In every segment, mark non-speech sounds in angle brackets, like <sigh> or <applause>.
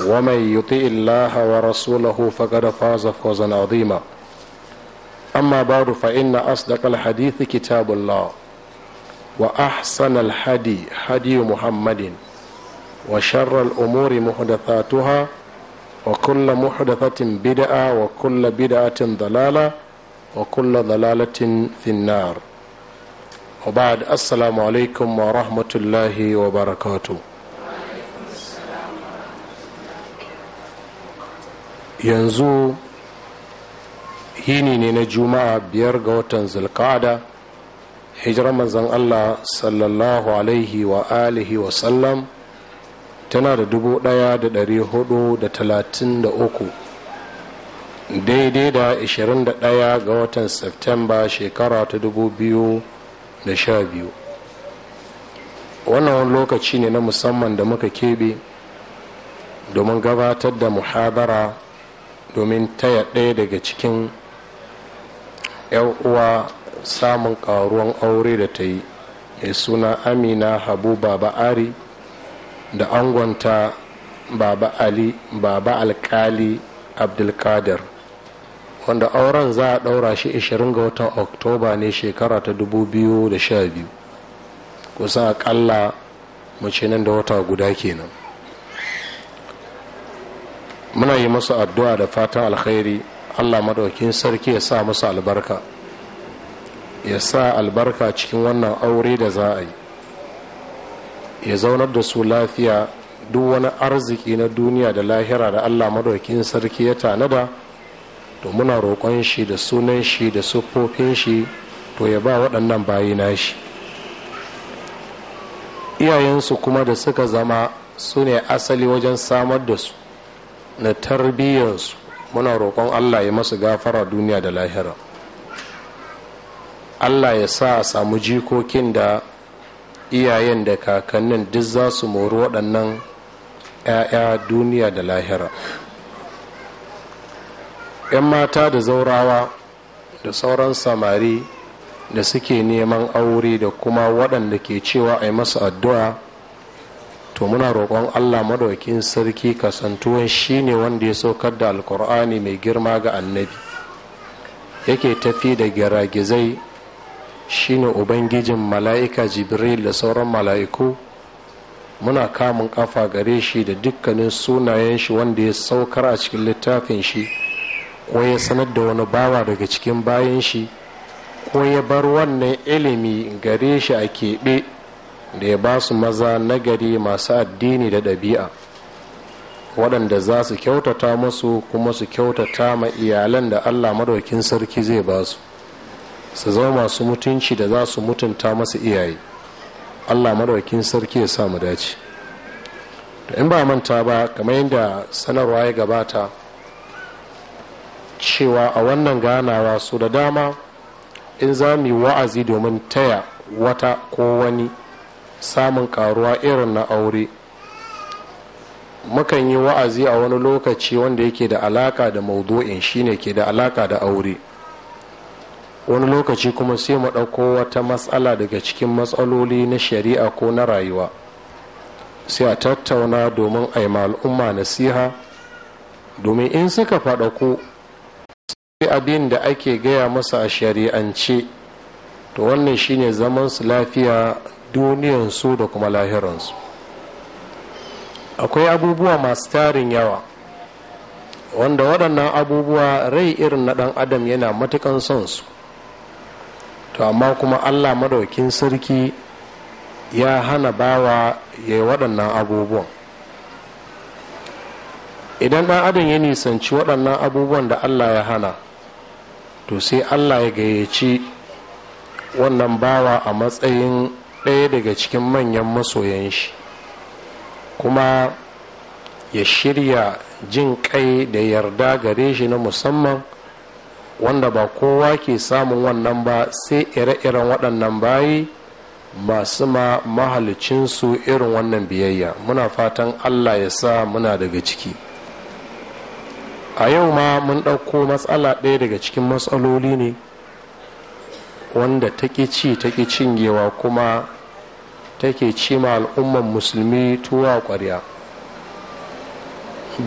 ومن يطيء الله ورسوله فقد فاز فوزا عظيما أما بعد فإن أصدق الحديث كتاب الله وأحسن الحدي حدي محمد وشر الأمور محدثاتها وكل محدثة بدعة وكل بدعة ضلالة وكل ضلالة في النار وبعد السلام عليكم ورحمة الله وبركاته yanzu yini ne na juma'a biyar ga watan zulkada hijirar mazan allah sallallahu alaihi wa alihi wa sallam tana da dubu daya da dari hudu da talatin da uku daidai da ashirin da daya ga watan septemba shekara ta dubu biyu da sha biyu wannan lokaci ne na musamman da muka kebe domin gabatar da muhabara domin taya ɗaya daga cikin ƴan uwa samun ƙaruwan aure da ta yi mai suna amina habu baba ari da angonta baba ali baba alkali abdulkadir wanda auren za a ɗaura shi 20 ga watan oktoba ne shekara ta 2012 kusan akalla mace nan da wata guda kenan muna yi musu addu'a da fatan alkhairi allah maɗaukin sarki ya sa musu albarka ya sa albarka cikin wannan aure da za a yi ya zaunar da su lafiya duk wani arziki na duniya da lahira da allah maɗaukin sarki ya tanada to muna roƙon shi da sunan shi da siffofin shi to ya ba waɗannan bayi nashi iyayensu kuma da suka zama su ne asali wajen samar da su na tarbiyyarsu muna roƙon allah ya masu gafara duniya da lahira allah ya sa a samu jikokin da iyayen da kakannin duk za su mori waɗannan 'ya'ya duniya da lahira 'yan mata da zaurawa da sauran samari da suke neman aure da kuma waɗanda ke cewa a yi masu addu'a to muna roƙon allah maɗaukin sarki kasantuwan shi ne wanda ya saukar da alkur'ani mai girma ga annabi yake tafi da giragizai ne ubangijin mala'ika jibril da sauran mala'iku muna kamun ƙafa gare shi da dukkanin sunayen shi wanda ya saukar a cikin littafin shi ko ya sanar da wani bawa daga cikin bayan shi ko ya bar wannan ilimi gare shi a keɓe da ya ba su maza nagari masu addini da ɗabi'a waɗanda za su kyautata musu kuma su kyautata ma iyalan da allah maɗaukin sarki zai ba su su zama masu mutunci da za su mutunta masu iyaye allah maɗaukin sarki ya samu dace in ba manta ba kamar yadda sanarwa ya gabata cewa a wannan ganawa su da dama in za mu yi wa'azi domin taya wata ko wani samun karuwa irin na aure mukan yi wa'azi a wani lokaci wanda yake da alaka da maudu'in shine ke da alaka da aure wani lokaci kuma sai mu ɗauko wata matsala daga cikin matsaloli na shari'a ko na rayuwa sai a tattauna domin a yi al'umma nasiha domin in suka faɗaku sai abin da ake gaya masa a shari'ance to wannan shine zaman su lafiya duniyansu da kuma lahiransu akwai abubuwa masu tarin yawa wanda waɗannan abubuwa rai irin na ɗan adam yana matukan son su to amma kuma allah madaukin sarki ya hana bawa ya yi waɗannan abubuwan idan ɗan adam ya nisanci waɗannan abubuwan da allah ya hana to sai allah ya gayyaci wannan bawa a matsayin ɗaya daga cikin manyan masoyan shi kuma ya shirya jin kai da yarda gare shi na musamman wanda ba kowa ke samun wannan ba sai ire-iren waɗannan bayi masu ma mahalicinsu irin wannan biyayya muna fatan allah ya sa muna daga ciki a yau ma mun ɗauko matsala ɗaya daga cikin matsaloli ne wanda ta ci ta cinyewa kuma take ci ma al'umman musulmi tuwa ƙwarya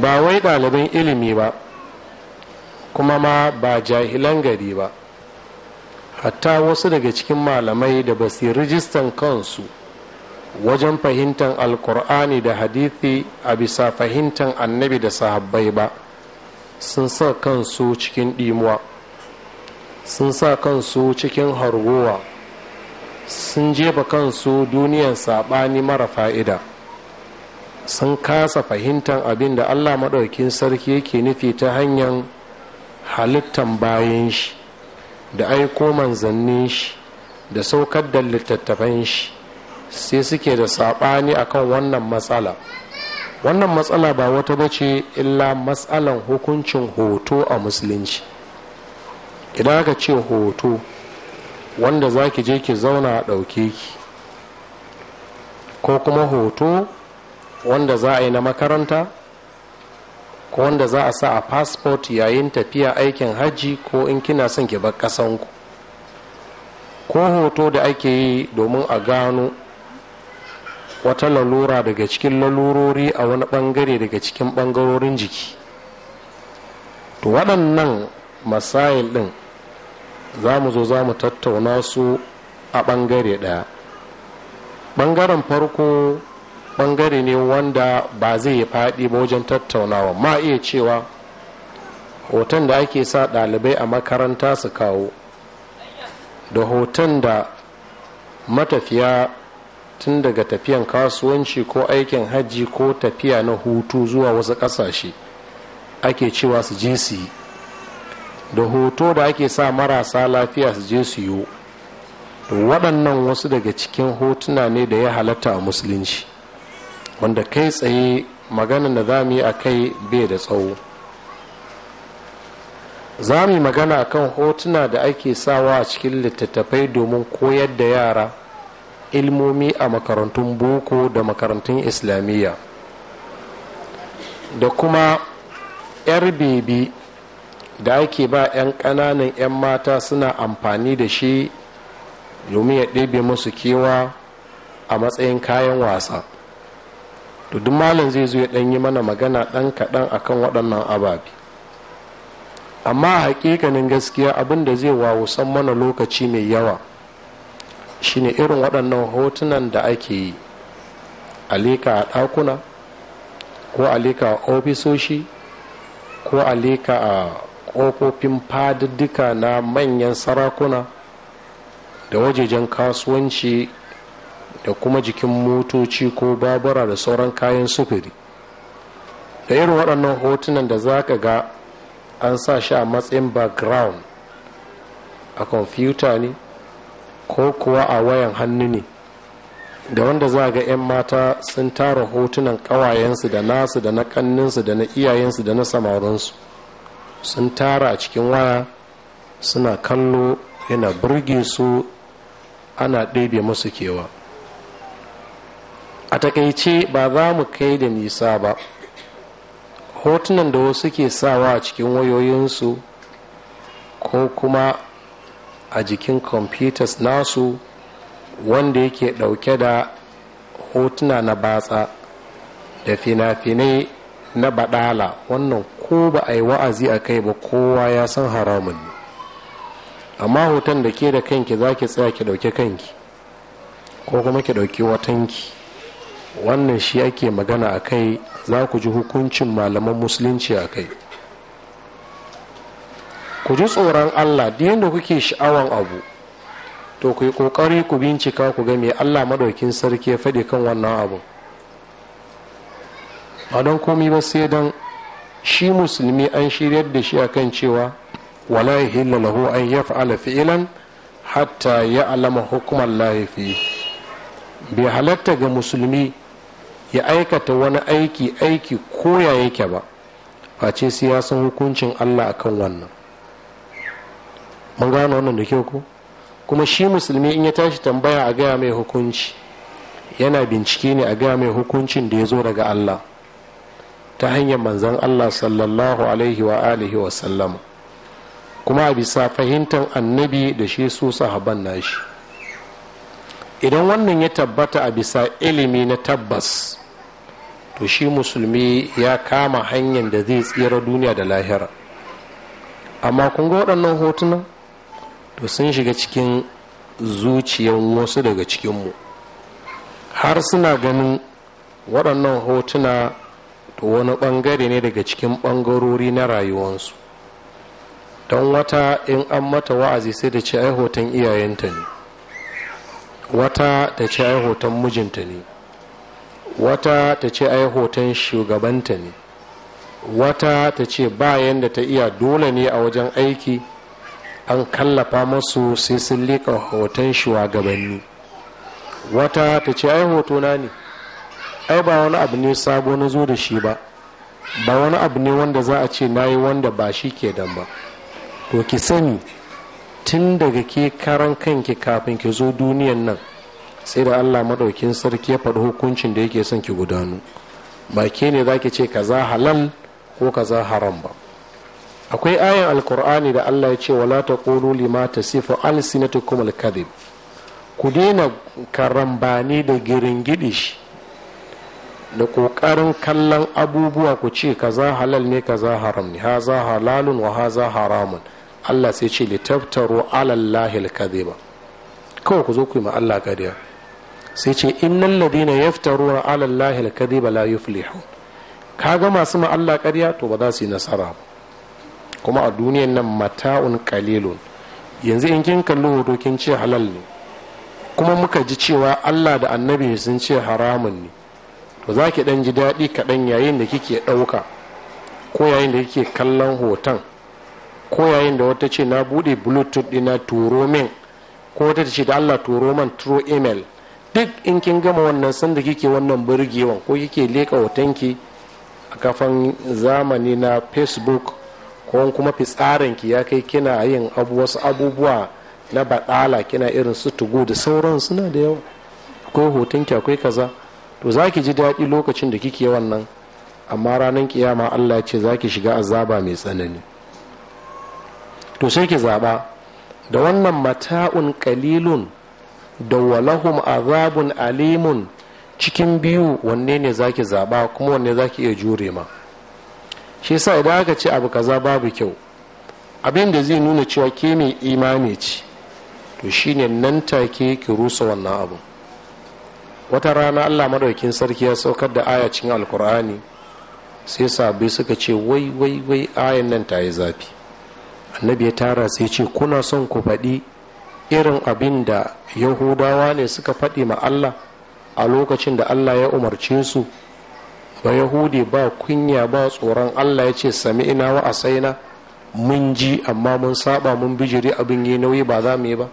ba wai ɗaliban ilimi ba kuma ma ba jahilan gari ba hatta wasu daga cikin malamai da ba su rijistan kansu wajen fahimtar alkur'ani da hadithi a bisa fahimtar annabi da sahabbai ba sun sa kansu cikin ɗimuwa. sun sa kansu cikin harguwa sun jefa kansu duniyan saɓani mara fa'ida sun kasa fahimtar abin da allah maɗaukin sarki yake nufi ta hanyar halittan bayan shi da aiko manzannin shi da saukar da littattafan shi sai suke da saɓani akan wannan matsala wannan matsala ba wata bace illa matsalan hukuncin hoto a musulunci idan aka ce hoto wanda za ki je ki zauna a ɗauke ki ko kuma hoto wanda za a yi na makaranta ko wanda za a sa a fasfot yayin tafiya aikin hajji ko in kina son ki bar ƙasanku ko hoto da ake yi domin a gano wata lalura daga cikin lalurori a wani ɓangare daga cikin bangarorin jiki to waɗannan masayil ɗin za mu zo za mu tattauna su a ɓangare ɗaya ɓangaren farko ɓangare ne wanda ba zai yi faɗi ba wajen tattaunawa ma iya cewa hoton da ake sa ɗalibai a makaranta su kawo da hoton da matafiya tun daga tafiyan kasuwanci ko aikin hajji ko tafiya na hutu zuwa wasu ƙasashe ake cewa su je su yi da hoto da ake sa marasa lafiya su je su yi waɗannan wasu daga cikin hotuna ne da ya halatta a musulunci wanda kai tsaye magana da za mu yi a kai bai da tsawo za mu yi magana akan hotuna da ake sawa a cikin littattafai domin koyar da yara ilmomi a makarantun boko da makarantun islamiyya da kuma 'yar bebi da ake ba 'yan ƙananan 'yan mata suna amfani da shi domin ya ɗebe musu kewa a matsayin kayan wasa to duk malam zai zo ya ɗan yi mana magana ɗan kaɗan akan waɗannan ababe amma a hakikanin gaskiya abin da zai wawusan mana lokaci mai yawa shine irin waɗannan hotunan da ake yi alika a ɗakuna ko alika a ofisoshi ko leka a ƙofofin fadiddika na manyan sarakuna da wajejen kasuwanci da kuma jikin motoci ko babura da sauran kayan sufuri da irin waɗannan hotunan da za ka ga an sa shi a matsayin background a kwamfuta ne ko kuwa a wayan hannu ne da wanda za ga 'yan mata sun tara hotunan ƙawayensu da nasu da na kanninsu da na iyayensu da na samarinsu sun tara a cikin waya suna kallo yana burge su ana ɗebe musu kewa a takaice ba za mu kai da nisa ba hotunan da wasu ke sawa a cikin wayoyinsu ko kuma a jikin computers nasu wanda yake ɗauke da hotuna na batsa da fina-finai na badala wannan ko ba a yi wa'azi a kai ba kowa ya san haramun ne amma hoton da ke da kanki za ki tsaya ki ɗauki kanki ko kuma ki ɗauki watanki wannan shi ake magana a kai za ku ji hukuncin malaman musulunci a kai ku ji tsoron allah da yadda kuke sha'awan abu to ku yi ƙoƙari ku bincika ku ga me allah maɗaukin sarki ya faɗi kan wannan abu ba don komi ba sai don shi musulmi an shiryar da shi akan cewa wala yahillu lahu an fa'ala fi'ilan hatta ya alama hukumar laifi. bai halatta ga musulmi ya aikata wani aiki aiki koya yake ba face siyasan hukuncin allah akan wannan mun gane wannan da kyau ko kuma shi musulmi in ya tashi tambaya a gaya mai hukunci yana bincike ne a gaya mai hukuncin da ya zo daga allah ta hanyar manzan allah sallallahu alaihi wa alihi wa sallam kuma a bisa fahimtar annabi da shi su sahaban nashi idan wannan ya tabbata a bisa ilimi na tabbas to shi musulmi ya kama hanyar da zai tsira duniya da lahira amma kun ga waɗannan hotunan to sun shiga cikin zuciyar wasu daga cikinmu har suna ganin waɗannan hotuna wani ɓangare ne daga cikin ɓangarori na rayuwansu don wata in an mata wa'azi sai da ci ai iyayenta ne wata ta ce ai mijinta ne wata ta ce ai shugabanta ne wata ta ce bayan da ta iya dole ne a wajen aiki an kallafa masu sai sun liƙa hoton shugabanni wata ta ce ai hotona ne ai ba wani abu ne sabo na zo da shi ba ba wani abu ne wanda za a ce na yi wanda ba shi ke dan ba to ki sani tun daga ke karan kanki kafin ki zo duniyan nan sai da allah maɗaukin sarki ya faɗi hukuncin da yake son ki gudanu ba ke ne za ki ce kaza halal ko kaza haram ba akwai ayan alkur'ani da allah ya ce wala ta ƙoro lima ta sifa alsinatukum alkadib ku daina karambani da giringiɗi shi da ƙoƙarin kallon abubuwa ku ce kaza halal ne kaza haram ne haza halalun wa haza haramun Allah sai ce litaftaro alallahi alkadhiba kawai ku zo ku yi ma Allah sai ce innal ladina yaftaruna alallahi alkadhiba la yuflihu kaga masu ma Allah to ba za su yi nasara ba kuma a duniyan nan mata'un qalilun yanzu in kin kalli hoto kin ce halal ne kuma muka ji cewa Allah da annabi sun ce haramun ne to za ki ɗan ji daɗi kaɗan yayin da kike ɗauka ko yayin da kike kallon hoton ko yayin da wata ce na buɗe bluetooth ɗina turo min ko wata ce da allah turo man turo email duk in kin gama wannan sanda kike wannan burgewan ko kike leƙa hotonki a kafan zamani na facebook ko kuma ki ya kai kina yin wasu abubuwa na baɗala kina irin su tugu da sauran suna da yawa akwai hotonki akwai kaza to za ki ji daɗi lokacin da kike wannan amma ranar kiyama allah ce za ki shiga azaba mai tsanani to sai ki zaɓa da wannan mata'un kalilun da walahum azabun alimun cikin biyu wanne ne za ki zaɓa kuma wanne za ki iya jure ma shi sa idan aka ce abu kaza babu kyau abin da zai nuna cewa ke mai imani ce to shine nan take ki rusa wannan abu wata rana allah madaukin sarki ya saukar da aya cikin alkur'ani sai sabai suka ce wai wai wai ayan nan ta yi zafi annabi ya tara sai ce kuna son ku faɗi irin abin da yahudawa ne suka faɗi ma allah a lokacin da allah ya umarci su ba yahudi ba kunya ba tsoron allah ya ce sami ina wa asaina mun ji amma mun saba mun bijiri abin yi nauyi ba za mu yi ba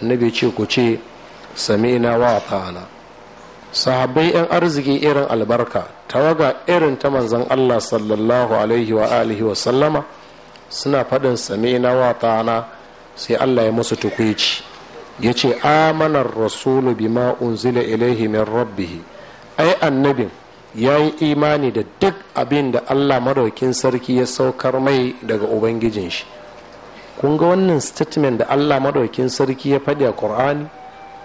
annabi ya ce ku ce samina wa ta'ala sahabbai 'yan arziki irin albarka tawaga irin ta manzan allah sallallahu alaihi wa alihi wa sallama suna faɗin samina wa ta'ala sai allah ya musu tukwici ya ce amanar rasulu bima unzila ilaihi min rabbihi ai annabin ya yi imani da duk abin da allah madaukin sarki ya saukar mai daga ubangijin shi kun ga wannan statement da allah madaukin sarki ya faɗi a kur'ani.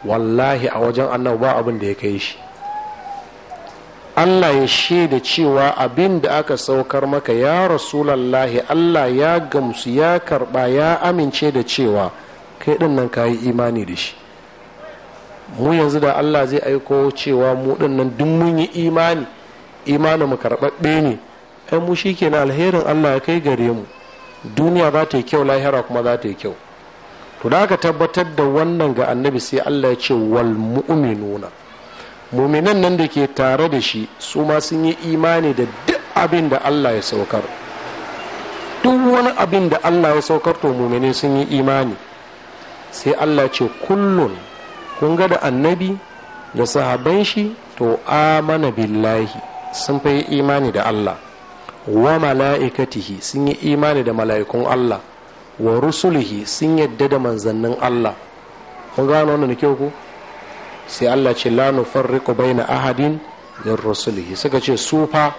wallahi a wajen annabi ba abin da ya kai shi Allah ya shaida cewa abin da aka saukar maka ya rasulallahi Allah ya gamsu ya karba ya amince da cewa kai din nan ka yi imani da shi mu yanzu da Allah zai aiko cewa mu din nan duk mun yi imani imani mu karɓaɓɓe ne ai mu alherin Allah ya kai gare mu duniya za ta yi kyau lahira kuma za ta yi kyau to da aka tabbatar da wannan ga annabi sai allah ya ce wal mu'minuna muminan nan da ke tare da shi su ma sun yi imani da duk abin da allah ya saukar duk wani abin da allah ya saukar to mumine sun yi imani sai allah ce kullum kun ga da annabi da sahaban shi to amana billahi sun fi yi imani da allah wa mala'ikatihi sun yi imani da mala'ikun allah wa rusulihi sun yadda da manzannin Allah kun gano wannan kyau ko sai Allah ce la nufarriqu baina ahadin min rusulihi suka ce su fa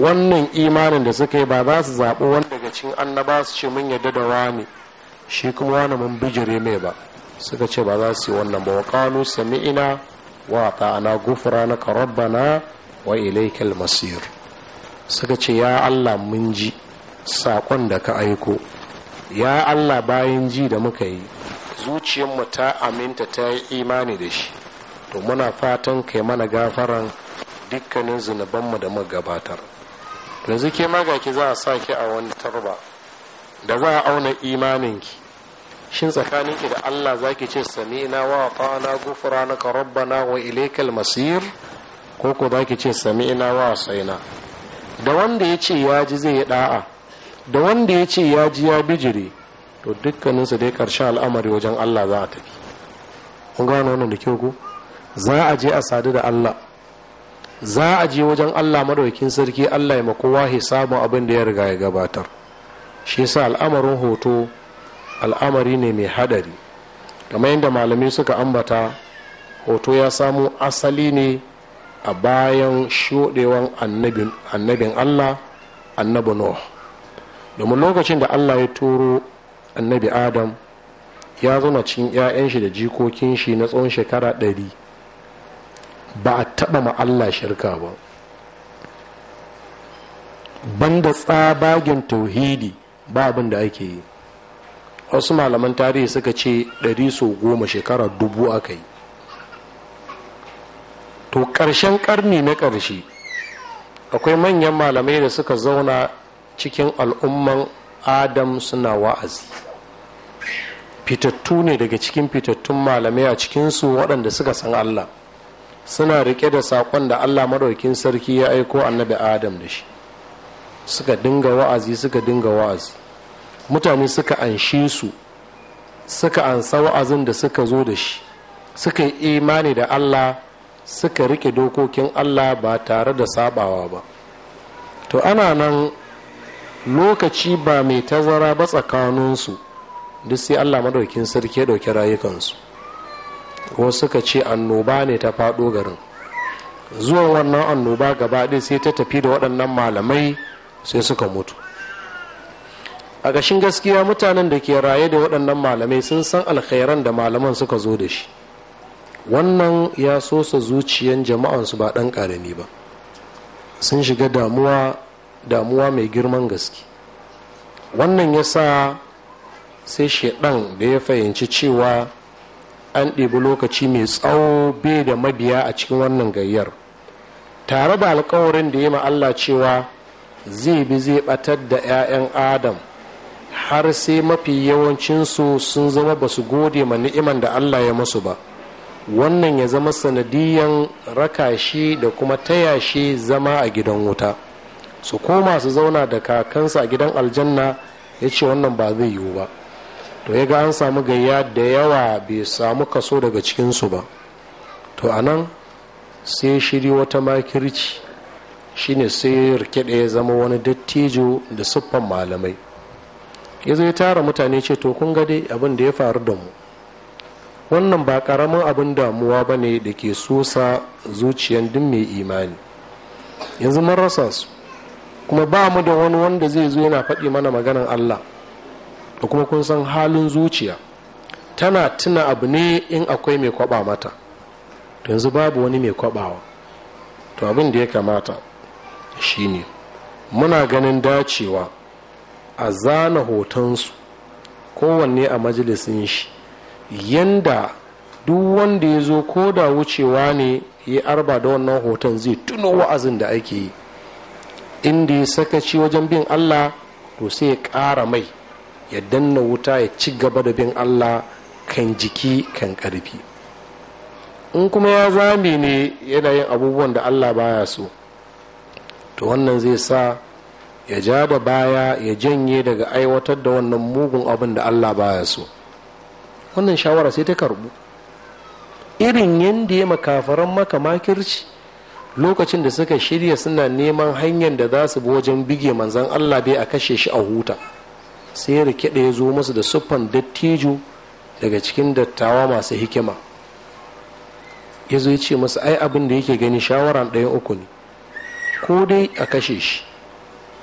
wannan imanin da suka yi ba za su zaɓi wanda daga cikin annaba su ce mun yadda da wani shi kuma wani mun bijire mai ba suka ce ba za su yi wannan ba wa qalu sami'na wa ta'ana ghufranaka rabbana wa ilaikal masir suka ce ya Allah mun ji sakon da ka aiko ya allah bayan ji da muka yi zuciyarmu ta aminta ta yi imani da shi to muna fatan kai mana gafaran dukkanin zunubanmu da muka gabatar yanzu ke magaki za a sa ki a wani tarba da za a auna imaninki shin tsakaninki da allah za ki ce sami'na wa ta'ana gufura na rabbana wa ilekal masir ko ko za ki ce sami'na wa saina da wanda ya ce ya ji zai yi da'a da wanda ya ce ya ji ya bijire to dukkaninsu dai karshe al'amari wajen allah za a tafi kun gano wannan da kyau ku za a je a sadu da allah za a je wajen allah madaukin sarki allah ya makowa hisabin abin da ya riga ya gabatar shi yasa al'amarin hoto al'amari ne mai hadari kamar yadda malami suka ambata hoto ya samo asali ne a bayan shodewan annabin allah annabi Noah. domin lokacin da allah ya turo annabi adam ya zauna cikin 'ya'yan shi da jikokin shi na tsawon shekara ɗari ba a taɓa ma allah shirka ba banda tsabagen tauhidi ba abin da ake yi wasu malaman tarihi suka ce ɗari so goma shekara dubu aka yi to ƙarshen ƙarni na ƙarshe akwai manyan malamai da suka zauna cikin al'umman adam suna wa'azi fitattu ne daga cikin fitattun malamai a cikinsu waɗanda suka san allah suna rike da saƙon da allah maɗaukin sarki ya aiko annabi adam da shi suka dinga wa'azi suka dinga wa'azi mutane suka anshi su suka ansa wa'azin da suka zo da shi suka yi imani da allah suka rike dokokin allah ba tare da sabawa ba to ana nan lokaci ba mai tazara ba tsakaninsu duk sai allah madaukin sarki ya ɗauki rayukansu wasu suka ce annoba ne ta faɗo garin zuwa wannan annoba gaba ɗaya sai ta tafi da waɗannan malamai sai suka mutu a gashin gaskiya mutanen da ke raye da waɗannan malamai sun san alkhairan da malaman suka zo da shi wannan ya sosa zuciyan jama'ansu ba ɗan ƙarami ba sun shiga damuwa damuwa mai girman gaske wannan ya sa sai shaidan da ya fahimci cewa an ɗebi lokaci mai tsawo bai da mabiya a cikin wannan gayyar tare da alkawarin da ya Allah cewa zai bi zai batar da 'ya'yan adam har sai mafi yawancinsu sun zama ba su gode ma ni'iman da Allah ya masu ba wannan ya zama sanadiyan rakashi da kuma taya zama a gidan wuta su koma su zauna da kakansa a gidan aljanna ya ce wannan ba zai yiwu ba to ya ga an samu gayya da yawa bai samu kaso daga cikinsu ba to a nan sai shiri wata makirci shine sai rikide ya zama wani dattijo da siffan malamai ya zai tara mutane ce to kun gade abin da ya faru da mu wannan ba karamin abin damuwa ba ne da ke sosa zuciyan duk mai imani yanzu mun rasa su kuma ba mu da wani wanda zai zo yana faɗi mana maganan Allah da kuma kun san halin zuciya tana tuna abu ne in akwai mai kwaba mata yanzu babu wani mai kwabawa to abin da ya kamata shine muna ganin dacewa a zana hotonsu kowanne a majalisin shi yanda duk wanda ya zo ko da wucewa ne ya arba da wannan hoton zai tuno wa'azin da ake yi inda ya sakaci wajen bin allah to sai ya ƙara mai ya danna wuta ya ci gaba da bin allah kan jiki kan ƙarfi in kuma ya zame ne yana yin abubuwan da allah baya so to wannan zai sa ya ja da baya ya janye daga aiwatar da wannan mugun abin da allah baya so wannan shawara sai ta karbu irin yadda ya makafaran maka makirci lokacin da suka shirya suna neman hanyar da za su bi wajen bige manzan allah dai a kashe shi a huta sai rike ya zo musu da siffan dattijo daga cikin dattawa masu hikima ya zo ya ce masu ai abin da yake gani shawara ɗayan uku ne ko dai a kashe shi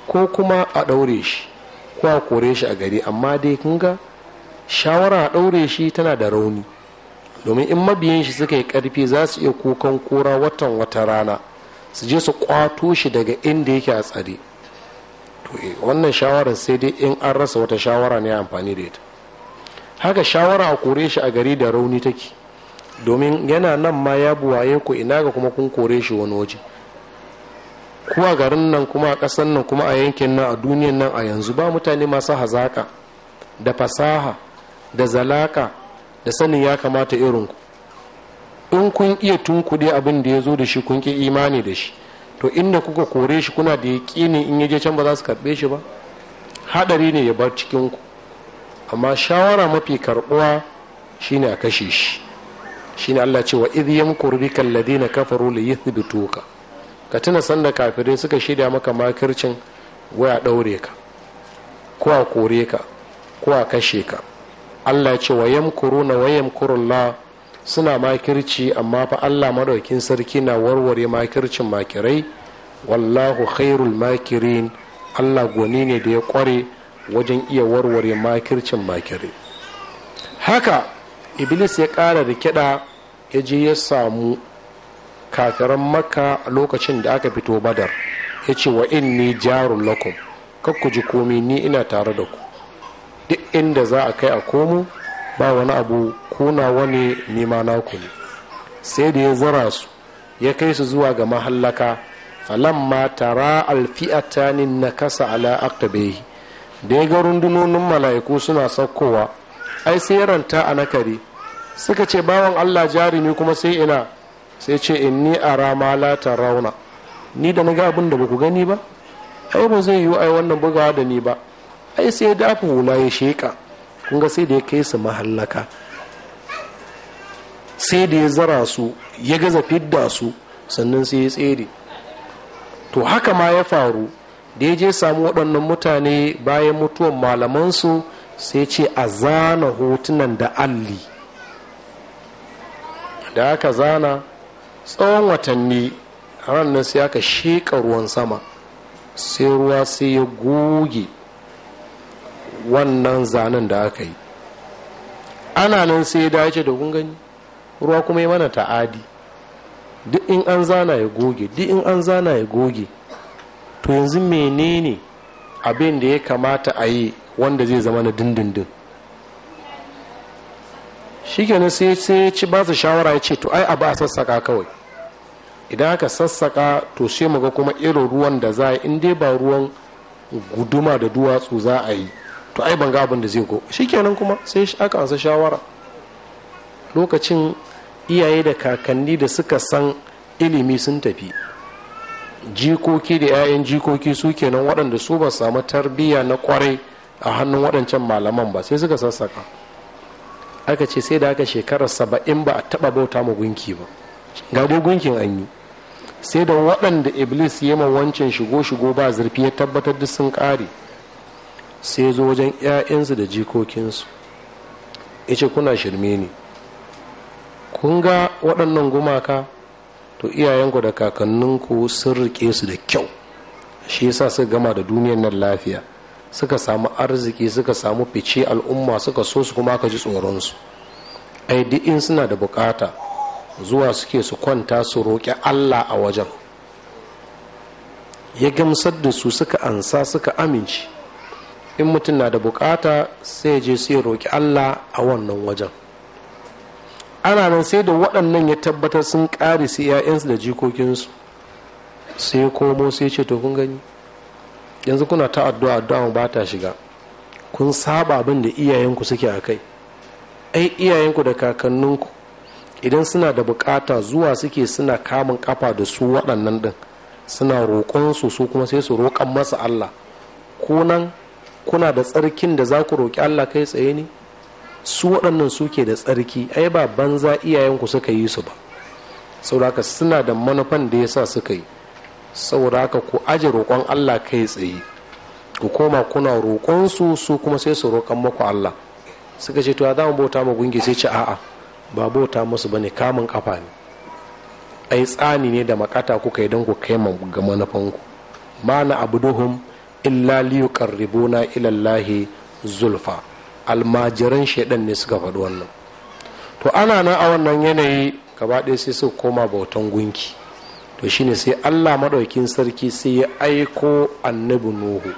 ko kuma a ɗaure shi ko a kore shi a gari amma dai kun ga shawara a ɗaure shi tana da rauni domin in mabiyan shi suka yi karfi za su iya kukan kora watan wata rana su je su kwato shi daga inda yake a tsare to eh, wannan shawarar sai dai in an rasa wata shawara ne amfani da ita haka shawara a kore shi a gari da rauni take domin yana nan ma ya buwaye ku ina ga kuma kun kore shi wani waje ko a garin nan kuma a kasan nan kuma a yankin nan a duniyan nan a yanzu ba mutane masu hazaka da fasaha da zalaka da sanin ya kamata irin ku in kun iya tunkuɗe abin da ya zo da shi kun ki imani da shi to inda kuka kore shi kuna da yaƙini in ya je can ba za su karɓe shi ba haɗari ne ya bar cikin ku amma shawara mafi karɓuwa shine a kashe shi shine Allah ce wa idh yamkuru bika alladhina kafaru li yuthbituka ka tuna sanda kafirai suka shirya maka makircin waya ɗaure ka ko a kore ka ko a kashe ka allah ya ce wa na wa yamkurullah suna makirci amma fa allah madaukin sarki na warware makircin makirai wallahu khairul makirin allah goni ne da ya kware wajen iya warware makircin makirai haka iblis ya kara da ya je ya samu kafiran makka a lokacin da aka fito badar ya ce wa inni jarun lakum kakku ji komi ni ina tare da ku duk inda za a kai a komo ba wani abu kuna wani nima naku ne sai da ya zara su ya kai su zuwa ga mahallaka falamma tara na nakasa ala aqabihi da ya ga rundunonin mala'iku suna saukowa ai sai ranta a nakari suka ce bawan Allah jarumi kuma sai ina sai ce inni a rama lata rauna ni da na ga abin da ba ku gani ba ai ba zai yiwu ai wannan bugawa da ni ba ai sai ya dafa hula ya sheƙa kun sai da ya kai su mahallaka sai da ya zara su ya gaza fidda su sannan sai ya tsere to haka ma ya faru da ya je samu waɗannan mutane bayan mutuwan malamansu sai ce a zana hotunan da alli da aka zana tsawon watanni ranar sai aka sheƙa ruwan sama sai ruwa sai ya goge wannan zanen da aka yi ana nan sai ya dace da gungani ruwa kuma ya mana ta'adi duk in an zana ya goge duk in an zana ya goge to yanzu menene abin da ya kamata a yi wanda zai zama na dindindin shikenan sai sai ci ba shawara ya ce to ai a sassaka kawai idan aka sassaka to sai mu kuma irin ruwan da za a yi in dai ba ruwan guduma da duwatsu za a yi to ai ban ga abin da zai ko shikenan kuma sai aka ansa shawara lokacin iyaye da kakanni da suka san ilimi sun tafi jikoki da 'ya'yan jikoki su kenan waɗanda su ba samu tarbiyya na kwarai a hannun waɗancan malaman ba sai suka sassaka aka ce sai da aka shekarar saba'in ba a taɓa bauta ma gunki ba ga gunkin an yi sai da waɗanda iblis ya ma wancan shigo shigo ba zurfi ya tabbatar duk sun ƙare sai zo wajen 'ya'yansu da jikokinsu ce kuna shirme ne kun ga waɗannan gumaka to iyayenku da kakanninku sun riƙe su da kyau shi yasa suka gama da duniyar nan lafiya suka samu arziki suka samu fice al'umma suka so su kuma aka ji tsoronsu ai duk in suna da bukata zuwa suke su kwanta su roƙi allah a wajen ya gamsar da su suka ansa suka amince in mutum na da bukata sai je sai roƙi allah a wannan wajen ana nan sai da waɗannan ya tabbatar sun ƙare su 'ya'yansu da jikokinsu sai komo sai ce to kun gani yanzu kuna ta addu'a addu'a ba ta shiga kun saba abin da iyayenku suke a kai ai iyayenku da kakanninku idan suna da bukata zuwa suke suna kamun kafa da su waɗannan din suna roƙon su kuma sai su roƙan masa allah ko nan kuna da tsarkin da za ku roƙi allah kai tsaye ne su waɗannan suke da tsarki ai ba banza iyayenku suka yi su ba saboda suna da manufan da ya sa suka yi saboda haka ku aje roƙon allah kai tsaye ku koma kuna roƙon su kuma sai su roƙon maku allah suka ce to ya mu bauta ma gungi sai ce a'a ba bauta musu ne kamun kafa ne ai tsani ne da makata kuka yi don ku kai ma ga manufanku ma na duhun illa liyuqarribuna ila zulfa almajiran shedan ne suka faɗi wannan to ana nan a wannan yanayi gaba ɗaya sai suka koma bautan gunki to shine sai Allah maɗaukin sarki sai ya aiko annabi Nuhu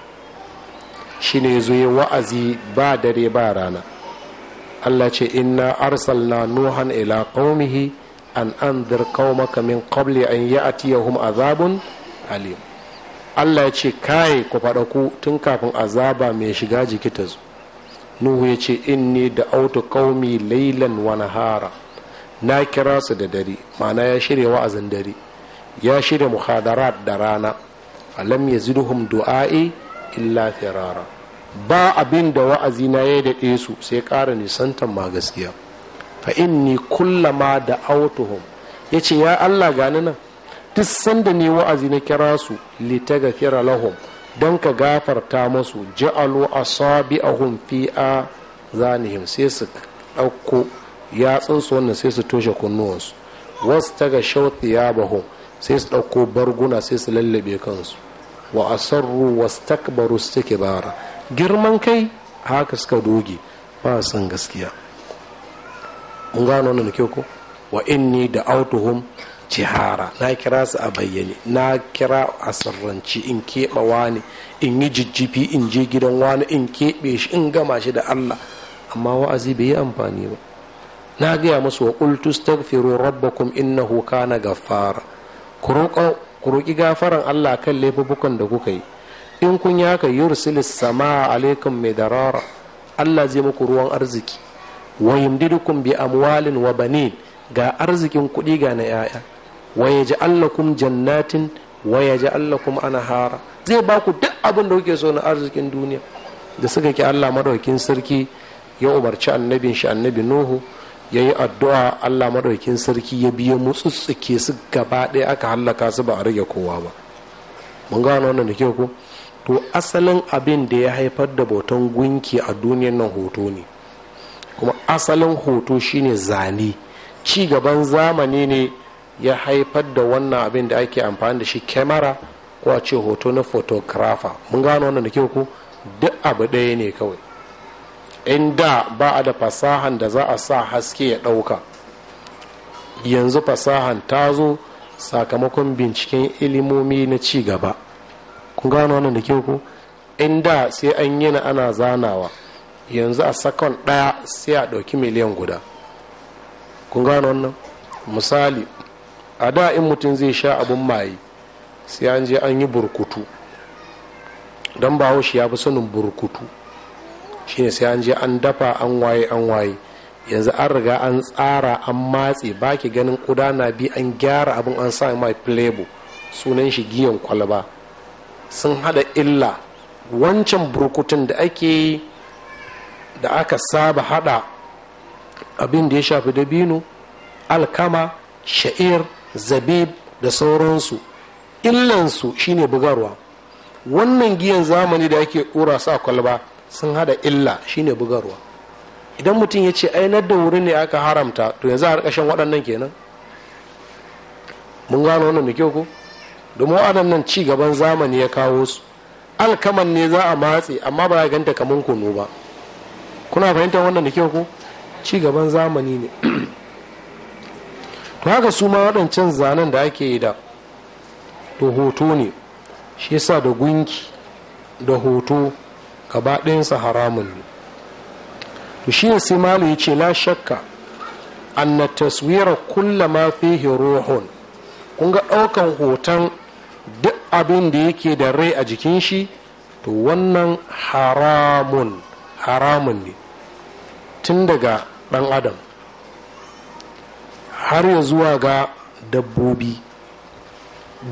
shine zo ya wa'azi ba dare ba rana Allah ce inna arsalna nuhan ila qaumihi an anzir qaumaka min qabli an ya'tiyahum azabun alim allah ya ce kai ku faɗa ku tun kafin azaba mai shiga jiki ta zo nuhu ya ce in ne da auto kaumi lailan wa hara na kira su da dare mana ya shirya wa'azin dare ya shirya muhadarat da rana alam du'a du'a'i illa firara ba abin da wa'azi na ya daɗe su sai ƙara nisantan ma gaskiya fa inni kullama da autuhum ce ya Allah gani nan duk sanda ne wa'azi na kira su kira lahum don ka gafarta masu ja'alu a sabi a zanihim sai su ɗauko yatsunsu wannan sai su toshe kunnuwansu wasu taga ya bahu sai su ɗauko barguna sai su lallabe kansu wa asarru wasu takbaru take bara girman kai haka suka doge ba san gaskiya mun gano wannan kyau ko wa inni da autuhum jihara na kira su a bayyane na kira a sirranci in keɓa wani in yi jijjifi in je gidan wani in keɓe shi in gama shi da allah amma wa'azi bai yi amfani ba na gaya musu wa qultu astaghfiru rabbakum innahu kana gaffara ku ku roƙi gafaran allah kan laifukan da kuka yi in kun yi haka yursilis sama alaikum mai darara allah zai muku ruwan arziki wa yumdidukum bi amwalin wa banin ga arzikin kuɗi ga na 'ya'ya waya ji allakum jannatin ji yaj'al ana hara zai ba ku duk abin da kuke so na arzikin duniya da suka ki Allah madaukin sarki ya umarci annabin shi annabi Nuhu ya yi addu'a Allah madaukin sarki ya biya mutsutsuke su gaba ɗaya aka hallaka su ba a rage kowa ba mun gano wannan da kyau ku to asalin abin da ya haifar da bautan gunki a duniyar nan hoto ne kuma asalin hoto shine zane ci gaban zamani ne ya haifar da wannan abin da ake amfani da shi kyamara ko a ce hoto na photographer mun gano wannan da ku duk abu ɗaya ne kawai in da ba a da fasahan da za a sa haske ya ɗauka yanzu fasahan ta zo sakamakon binciken ilimomi na ci gaba kun gano wannan da ku in da sai an yi na ana zanawa yanzu a sakon ɗaya sai a ɗauki miliyan guda kun gano wannan misali a da in mutum zai sha abun maye sai an je an yi burkutu don ba ya fi sanin burkutu shine sai an je an dafa an waye an waye yanzu an riga an tsara an matse ba ki ganin na bi an gyara abin an sa mai plebo sunan shi giyan kwalba sun hada illa wancan burkutun da ake yi da aka saba hada abin da ya shafi dabino alkama sha'ir zabib da sauransu illansu shine bugarwa wannan giyan zamani da ake kura su a kwalba sun hada illa shine bugarwa idan mutum ya ce ai da wuri ne aka haramta to yanzu a harkashin waɗannan kenan mun gano wannan da kyau ko domin waɗannan ci gaban zamani ya kawo su alkaman ne za a matse amma ba ganta kamar kunu ba kuna fahimtar wannan da kyau ko ci gaban zamani ne <clears throat> kaga su ma waɗancan zanen da ake yi da to hoto ne shi yasa da gunki da hoto gaba ɗayansa haramun ne to shi ne sai malu ya ce la shakka anna taswira kulla ma fihi ruhun kun ga ɗaukan hoton duk abin da yake da rai a jikin shi to wannan haramun haramun ne tun daga ɗan adam har ya zuwa ga dabbobi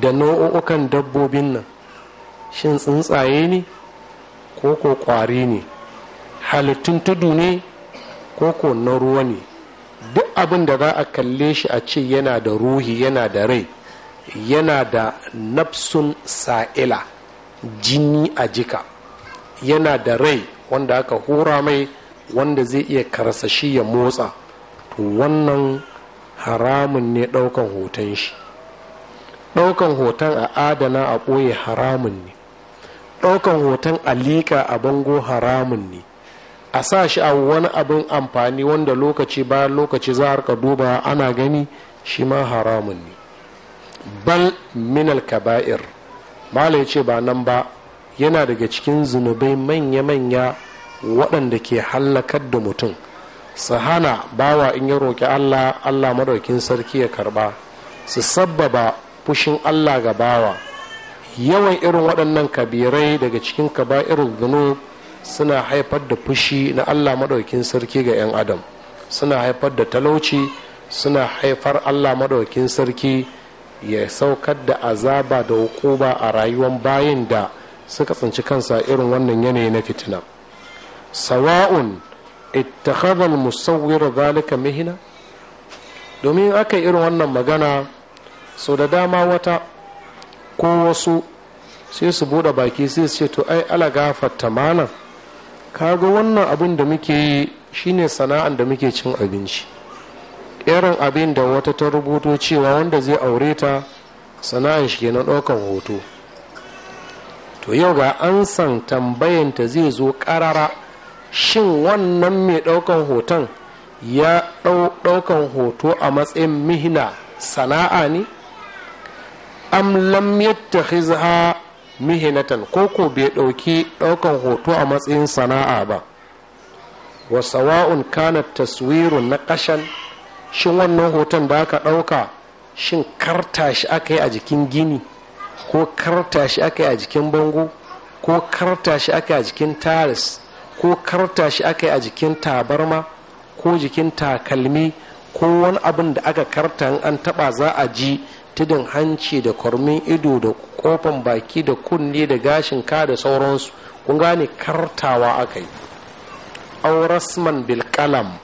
da nau'ukan dabbobin nan shin tsuntsaye ne ko ko kwari ne halittun tudu ne ko ko na ruwa ne duk abin da za a kalle shi a ce yana da ruhi yana da rai yana da nafsun sa'ila jini a jika yana da rai wanda aka hura mai wanda zai iya karsashi ya motsa to wannan haramun ne ɗaukan hoton shi ɗaukan hoton a adana a ɓoye haramun ne ɗaukan hoton a liƙa a bango haramun ne a sa shi a wani abin amfani wanda lokaci bayan lokaci za a duba ana gani shi ma haramun ne bal minal kaba'ir mala ya ce ba nan ba yana daga cikin zunubai manya-manya waɗanda ke hallakar da mutum su hana bawa in ya roƙi allah allah madaukin sarki ya karba su sabbaba fushin allah ga bawa yawan irin waɗannan kabirai daga cikin irin gano suna haifar da fushi na allah madaukin sarki ga 'yan adam suna haifar da talauci suna haifar allah madaukin sarki ya saukar da azaba da hukuba a rayuwar bayin da suka tsinci kansa irin wannan yanayi na fitina sawa'un ittakhadha al-musawwir balika mihna domin aka irin wannan magana so da dama wata ko wasu sai su bude baki sai su ce to ai ala gafarta malam kaga wannan abin da muke yi shine sana'an da muke cin abinci irin abin da wata ta rubuto cewa wanda zai aure ta sana'an shi na ɗaukan hoto to yau ga an san tambayanta zai zo ƙarara shin wannan mai ɗaukan hoton ya ɗaukan hoto a matsayin mihina sana'a ne am lam yattakhizha mihinatan ko ko bai ɗauki ɗaukan hoto a matsayin sana'a ba wa sawa'un kana taswirun na ƙashan shin wannan hoton da aka ɗauka shin karta shi aka yi a jikin gini ko karta shi aka yi a jikin bango ko karta shi aka yi a jikin taris ko karta shi aka yi a jikin tabarma ko jikin takalmi ko wani abin da aka karta an taba za a ji tudun hanci da kwarmin ido da kofan baki da kunne da gashin ka da sauransu kun gane kartawa aka yi aurasman bilkalam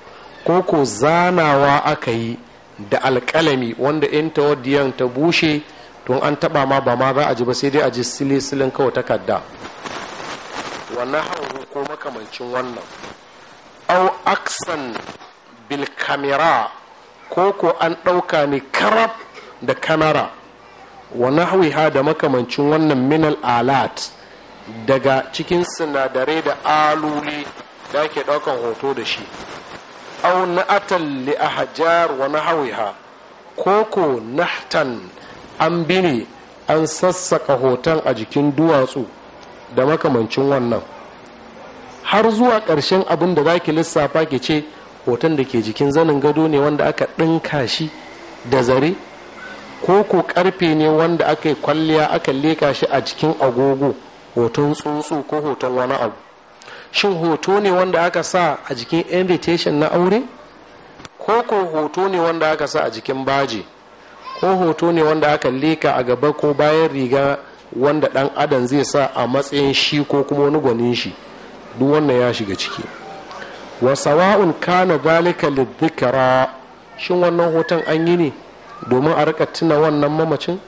ko ko zanawa aka yi da alkalami wanda in tawadiyan ta bushe tun an taba ma ba ma za a ji ba sai dai a ji silisilin kawai takarda wa nahawu ko makamancin wannan au aksan bil kamera ko ko an ɗauka ni karab da kamara wa nahwiha da makamancin wannan minal alat daga cikin sinadarai da aluli da ake ɗaukan hoto da shi au na'atan li ahjar wa nahwiha koko nahtan an bine an sassaka hoton a jikin duwatsu da makamancin wannan har zuwa ƙarshen abin da za ki lissafa ki ce hoton da ke jikin zanin gado ne wanda aka ɗinka shi da zare ko ko ƙarfe ne wanda aka yi kwalliya aka leka shi a cikin agogo hoton tsuntsu ko hoton wani abu shin hoto ne wanda aka sa a jikin invitation na aure ko ko hoto ne wanda aka sa a jikin baji ko hoto ne wanda aka leka a gaba ko bayan riga wanda dan adam zai sa a matsayin shi ko kuma wani gwanin shi duk wannan ya shiga ciki wa sawa'un kana zalika lidhikra shin wannan hoton an yi ne domin a rika tuna wannan mamacin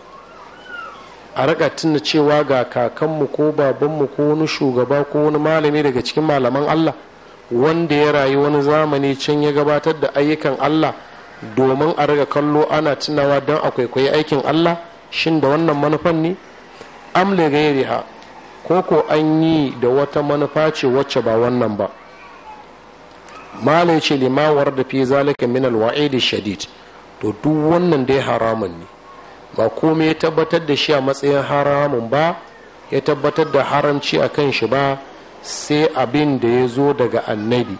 a rika tuna cewa ga kakanmu ko babanmu ko wani shugaba ko wani malami daga cikin malaman Allah wanda ya rayu wani zamani can ya gabatar da ayyukan Allah domin a rika kallo ana tunawa don akwai kwaikwayi aikin Allah shin da wannan manufan ne am li ghairiha ko ko an yi da wata manufa ce wacce ba wannan ba malai ce limawar da fi zalika min alwa'idi shadid to duk wannan dai haramun ne ba komai ya tabbatar da shi a matsayin haramun ba ya tabbatar da haramci a kan shi ba sai abin da ya zo daga annabi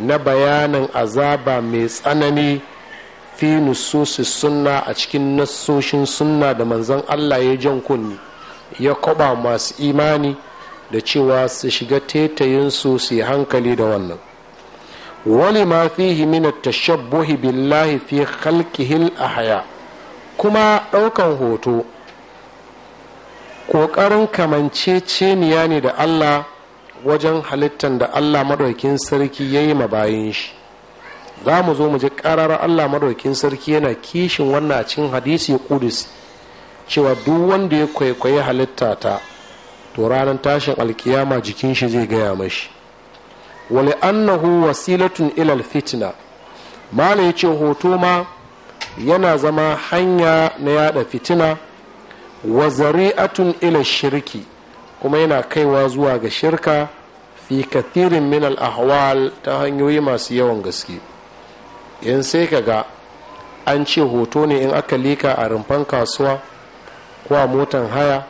na bayanin azaba mai tsanani fi nususi sunna a cikin nasoshin sunna da manzon allah ya jan kunni ya kwaba masu imani da cewa su shiga tetayinsu su yi hankali da wannan wani ma fihi min tashabbuhi billahi fi khalqihil ahya kuma ɗaukan hoto ƙoƙarin kamanceceniya ne da allah wajen halittar da allah maɗaukin sarki ya yi bayan shi za mu zo mu ji ƙarar allah maɗaukin sarki yana kishin wannan cin hadisi kudus cewa duk wanda ya kwaikwayi halitta ta to ranar tashin alkiyama jikin shi zai gaya mashi wali annahu wasilatun ilal fitina. mala ya ce hoto ma yana zama hanya na yada fitina wa zari'atun ila shirki kuma yana kaiwa zuwa ga shirka fi kathirin min al-ahwal ta hanyoyi masu yawan gaske in sai ka ga an ce hoto ne in aka lika a rumfan kasuwa ko a motan haya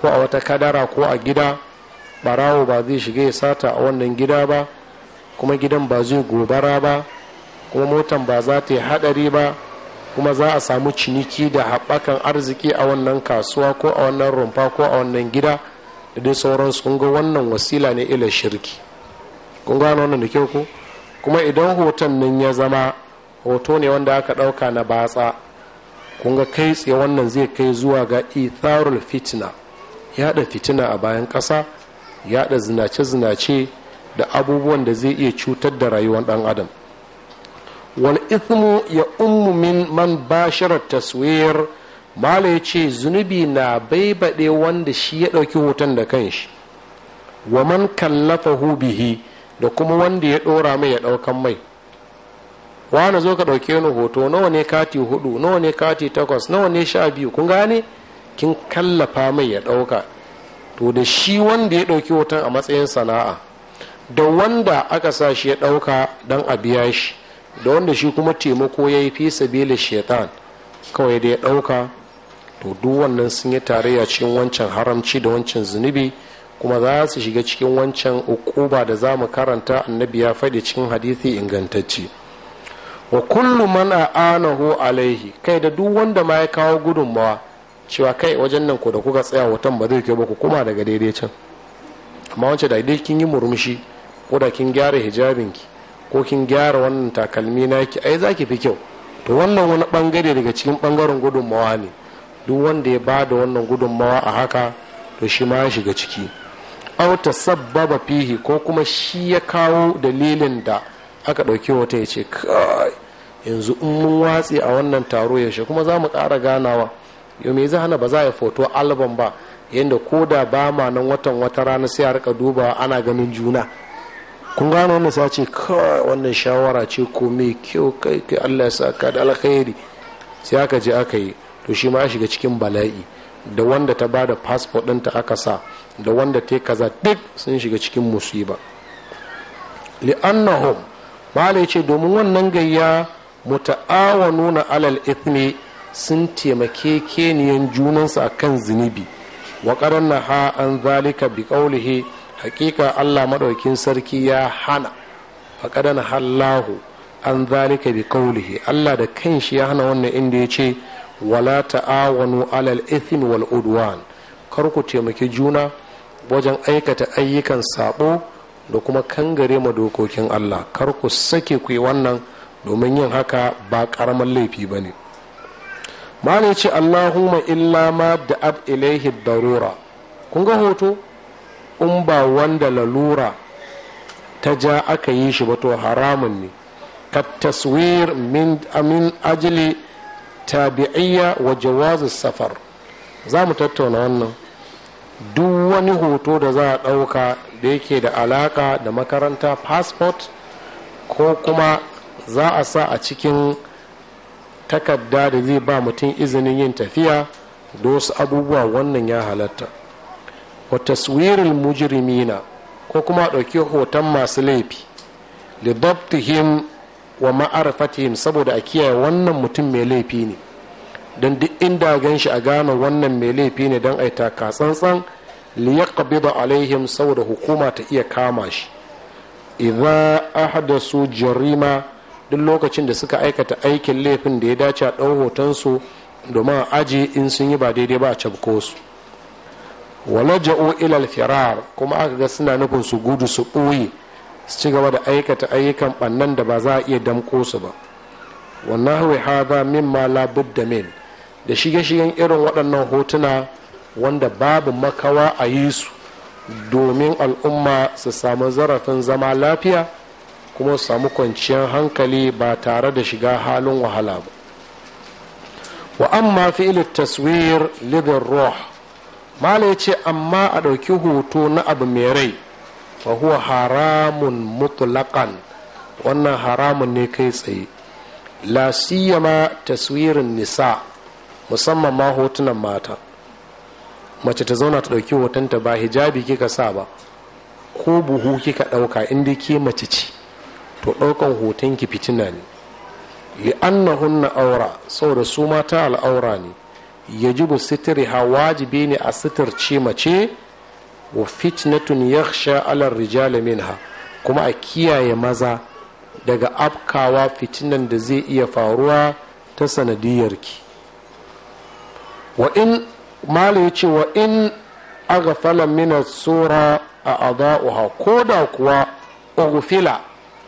ko a wata kadara ko a gida barawo ba zai shiga ya sata a wannan gida ba kuma gidan ba zai gobara ba kuma motan ba za ta yi hadari ba kuma za a samu ciniki da haɓakan arziki a wannan kasuwa ko a wannan rumfa ko a wannan gida da dai sauransu kun ga wannan wasila ne ila shirki kun gano wannan da kyau ko kuma idan hoton nan ya zama hoto ne wanda aka ɗauka na batsa kun ga kai tsaye wannan zai kai zuwa ga itharul fitina yada fitina a bayan ƙasa yada zinace-zinace da abubuwan da zai iya cutar da rayuwar ɗan adam wani ithmu ya ummu man basharar taswir mala ya ce zunubi na bai baɗe wanda shi ya ɗauki hoton da kanshi wa man kallafa bihi da kuma wanda ya ɗora mai ya ɗaukan mai wani zo ka ɗauke ni hoto nawa ne kati hudu nawa ne kati takwas nawa ne sha biyu kun gane kin kallafa mai ya ɗauka to da shi wanda ya ɗauki hoton a matsayin sana'a da wanda aka sa shi ya ɗauka don a biya shi da wanda shi kuma taimako ya yi fisa bela shetan kawai da ya ɗauka to duk wannan sun yi tarayya cikin wancan haramci da wancan zunubi kuma za su shiga cikin wancan ukuba da za mu karanta annabi ya faɗi cikin hadithi ingantacce wa kullu man alaihi kai da duk wanda ma ya kawo gudunmawa cewa kai wajen nan ko da kuka tsaya hoton ba zai kai ba ku koma daga daidai can amma wance da dai kin yi murmushi ko da kin gyara hijabin ki ko kin gyara wannan takalmi naki ai zaki fi kyau to wannan wani bangare daga cikin bangaren gudunmawa ne duk wanda ya bada wannan gudunmawa a haka to shi ma ya shiga ciki au ta sabbaba fihi ko kuma shi ya kawo dalilin da aka ɗauki wata ya ce kai yanzu in mun watse a wannan taro yaushe kuma za mu ƙara ganawa yau me za hana ba za a foto album ba yadda ko da ba ma nan watan wata rana sai a rika duba ana ganin juna kun gano wannan sai ce kawai wannan shawara ce ko mai kyau kai kai Allah ya saka da alkhairi sai aka je aka yi to shi ma shiga cikin bala'i da wanda ta ba da passport ɗinta aka sa da wanda ta kaza duk sun shiga cikin musiba li'annahum mala ya ce domin wannan gayya nuna alal ithmi sun taimake keniyan junansu akan zunubi wa na ha an zalika bi qawlihi hakika Allah maɗaukin sarki ya hana fa na hallahu an zalika bi qawlihi Allah da kanshi ya hana wannan inda ya ce wala ta'awanu alal ithmi wal udwan kar ku taimaki juna wajen aikata ayyukan saɓo. da kuma kan gare ma dokokin Allah kar ku sake ku yi wannan domin yin haka ba karamin laifi ba ne malai ce Allahumma illa ma da ab ilaihi darura kun ga hoto in ba wanda lalura ta ja aka yi shi ba to haramun ne ka taswir min amin ajili tabi'iyya wa jawazis safar za mu tattauna wannan duk wani hoto da za a ɗauka da yake da alaka da makaranta passport ko kuma za a sa a cikin takarda da zai ba mutum izinin yin tafiya da wasu abubuwa wannan ya halatta wa taswirin mujirimina ko kuma ɗauki hoton masu laifi Lubabatu-him wa Ma'arafatu-him saboda a kiyaye wannan mutum mai laifi ne don duk inda gan shi a gano wannan mai laifi ne don aita ka tsantsan liyaqbida alaihim saboda hukuma ta iya kama shi idza su jarima duk lokacin da suka aikata aikin laifin da ya dace a ɗau hotonsu domin a aji in sun yi ba daidai ba a cabko su ja'o ilal firar kuma aka ga suna nufin su gudu su ɓoye su ci gaba da aikata ayyukan ɓannan da ba za a iya damko su ba wannan hawa hada ma la budda min da shige-shigen irin waɗannan hotuna wanda babu makawa a yi su domin al'umma su samu zarafin zama lafiya kuma su samu kwanciyar hankali ba tare da shiga halin wahala ba wa amma fi'il taswir libin ruh mala ce amma a ɗauki hoto na abu mai rai fa huwa haramun mutlaqan wannan haramun ne kai tsaye lasiyama taswirin nisa' musamman ma hotunan mata mace ta zauna ta ɗauki hotonta ba hijabi kika sa ba ko buhu kika ɗauka inda ke mace ce to ɗaukan hoton ki fitina ne hunna aura saboda su mata al'aura ne ya ji yajibu ha wajibi ne a sitirce mace wa fitnatun yakhsha ala rijal minha kuma a kiyaye maza daga afkawa fitinan da zai iya faruwa ta sanadiyarki wa in mala ya ce wa in aghfala min sura a adha'uha ko da kuwa Ogufila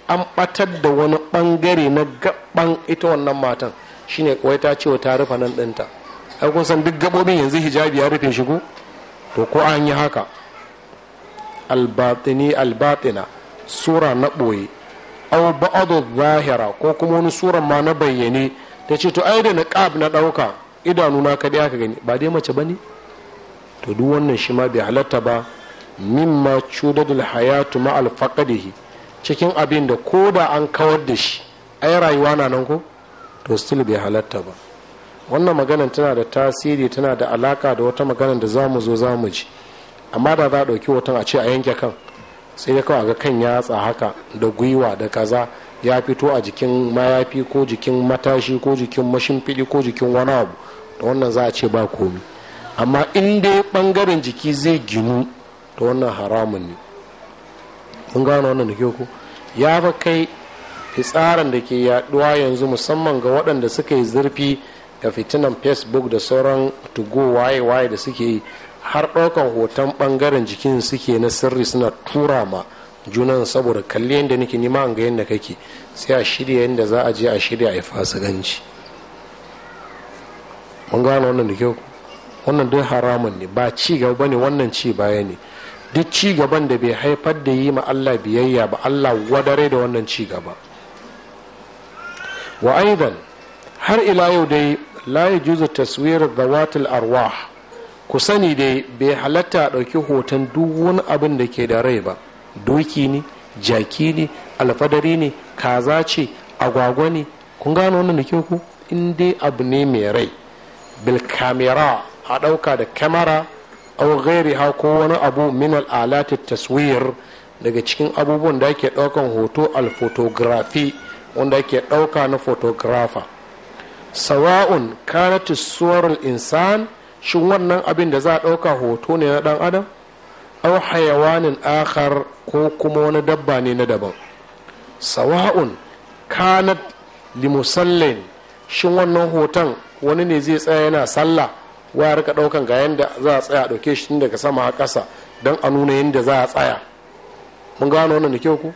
an batar da wani bangare na gaban ita wannan matan shine kawai ta ce ta rufe nan ɗinta? ai san duk gabobin yanzu hijabi ya rufe shi ko to ko an yi haka albatini albatina sura na ɓoye au ba'adu zahira ko kuma wani sura ma na bayyane ta ce to ai da niqab na ɗauka idanuna ka dai aka gani ba dai mace ba ne to duk wannan shi ma bai halatta ba mimma cudadul hayatu ma alfaqadihi cikin abin da ko da an kawar da shi ai rayuwa na nan ko to still bai halatta ba wannan maganan tana da tasiri tana da alaka da wata maganan da zamu zo zamu ji amma da za a ɗauki watan a ce a yanke kan sai da kawai ga kan yatsa haka da gwiwa da kaza ya fito a jikin mayafi ko jikin matashi ko jikin mashimfiɗi ko jikin wani abu da wannan za a ce ba komi amma in dai ɓangaren jiki zai ginu da wannan haramun ne mun gano wannan da ke ku ya fa kai fitsarin da ke yaduwa yanzu musamman ga waɗanda suka yi zurfi ga fitinan facebook da sauran tugo waye-waye da suke yi har ɗaukan hoton ɓangaren jikin suke na sirri suna tura ma junan saboda kalli yadda nake nima an ga yadda kake sai a shirya yadda za a je a shirya a yi fasiganci mun gane wannan da kyau wannan dai haramun ne ba ci gaba ne wannan ci baya ne duk ci gaban da bai haifar da yi ma Allah biyayya ba Allah wadare da wannan ci gaba wa aidan har ila yau dai la yajuzu taswir dhawatil arwah ku sani dai bai halatta a ɗauki hoton duk wani abin da ke da rai ba doki ne jaki ne alfadari ne kaza ce agwagwa ne kun gano wannan da ku in dai abu ne mai rai bil kamera a ɗauka da kamera au gairi ha ko wani abu min al'alati taswir daga cikin abubuwan da ake ɗaukan hoto alfotografi wanda ake ɗauka na fotografa sawa'un kanat suwar insan shin wannan abin da za a ɗauka hoto ne na ɗan adam aw hayawanin akhar ko kuma wani dabba ne na daban sawa'un kanat limusallin shin wannan hoton wani ne zai tsaya yana sallah ya rika daukan ga yanda za a tsaya dauke shi daga sama a ƙasa don a nuna yanda za a tsaya mun gano wannan da kyau ku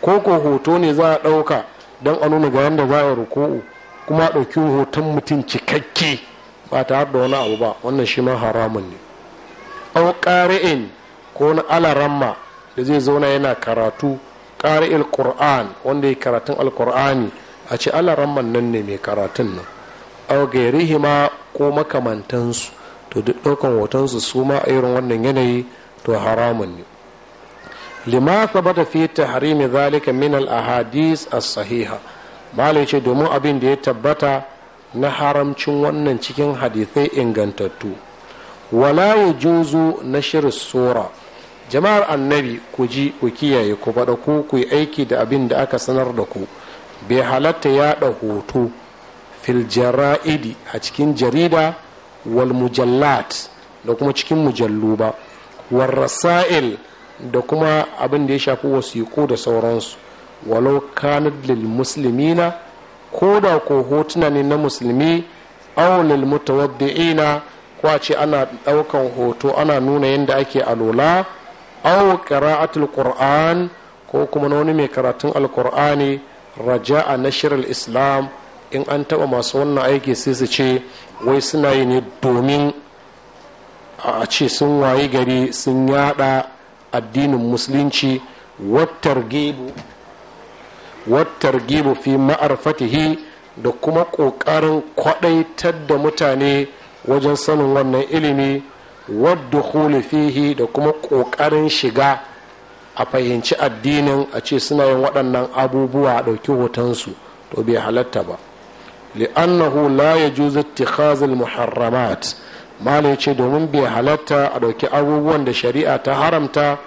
ko ko hoto ne za a dauka don a nuna ga yanda za a ruku'u kuma a dauki hoton mutum cikakke ba tare da wani abu ba wannan shi ma haramun ne au ƙari'in ko na alaramma da zai zauna yana karatu ƙari'il qur'an wanda ya karatun alkur'ani a ce alaramman nan ne mai karatun nan au ma ko makamantansu to duk ɗaukan hotonsu su ma a irin wannan yanayi to haramun ne lima sabata fi tahrimi zalika min al ahadis as sahiha malai ce domin abin da ya tabbata na haramcin wannan cikin hadisai ingantattu wala ya juzu na shirin sura jama'ar annabi ku ji ku kiyaye ku faɗa ku ku yi aiki da abin da aka sanar da ku bai halatta yaɗa hoto fil jara'idi a cikin jarida wal mujallat da kuma cikin mujallu ba war rasa'il da kuma abin da ya shafi wasiƙu da sauransu walau kanad lil muslimina ko da ko hotuna ne na musulmi aw lil mutawaddi'ina kwace ana ɗaukan hoto ana nuna yadda ake alola au qira'atul qur'an ko kuma wani mai karatun alkur'ani raja'a na shirar islam in an taba masu wannan aiki sai su ce wai suna yi ne domin a ce sun wayi gari sun yada addinin musulunci wattar gibu fi ma'arfatihi da kuma ƙoƙarin kwaɗaitar da mutane wajen sanin wannan ilimi wadda fihi da kuma ƙoƙarin shiga a fahimci addinin a ce suna yin waɗannan abubuwa a ɗauki hotonsu to bai halatta ba li'annahu la ya juzu tikhazul muharramat malai ce domin bai halatta a ɗauki abubuwan da shari'a ta haramta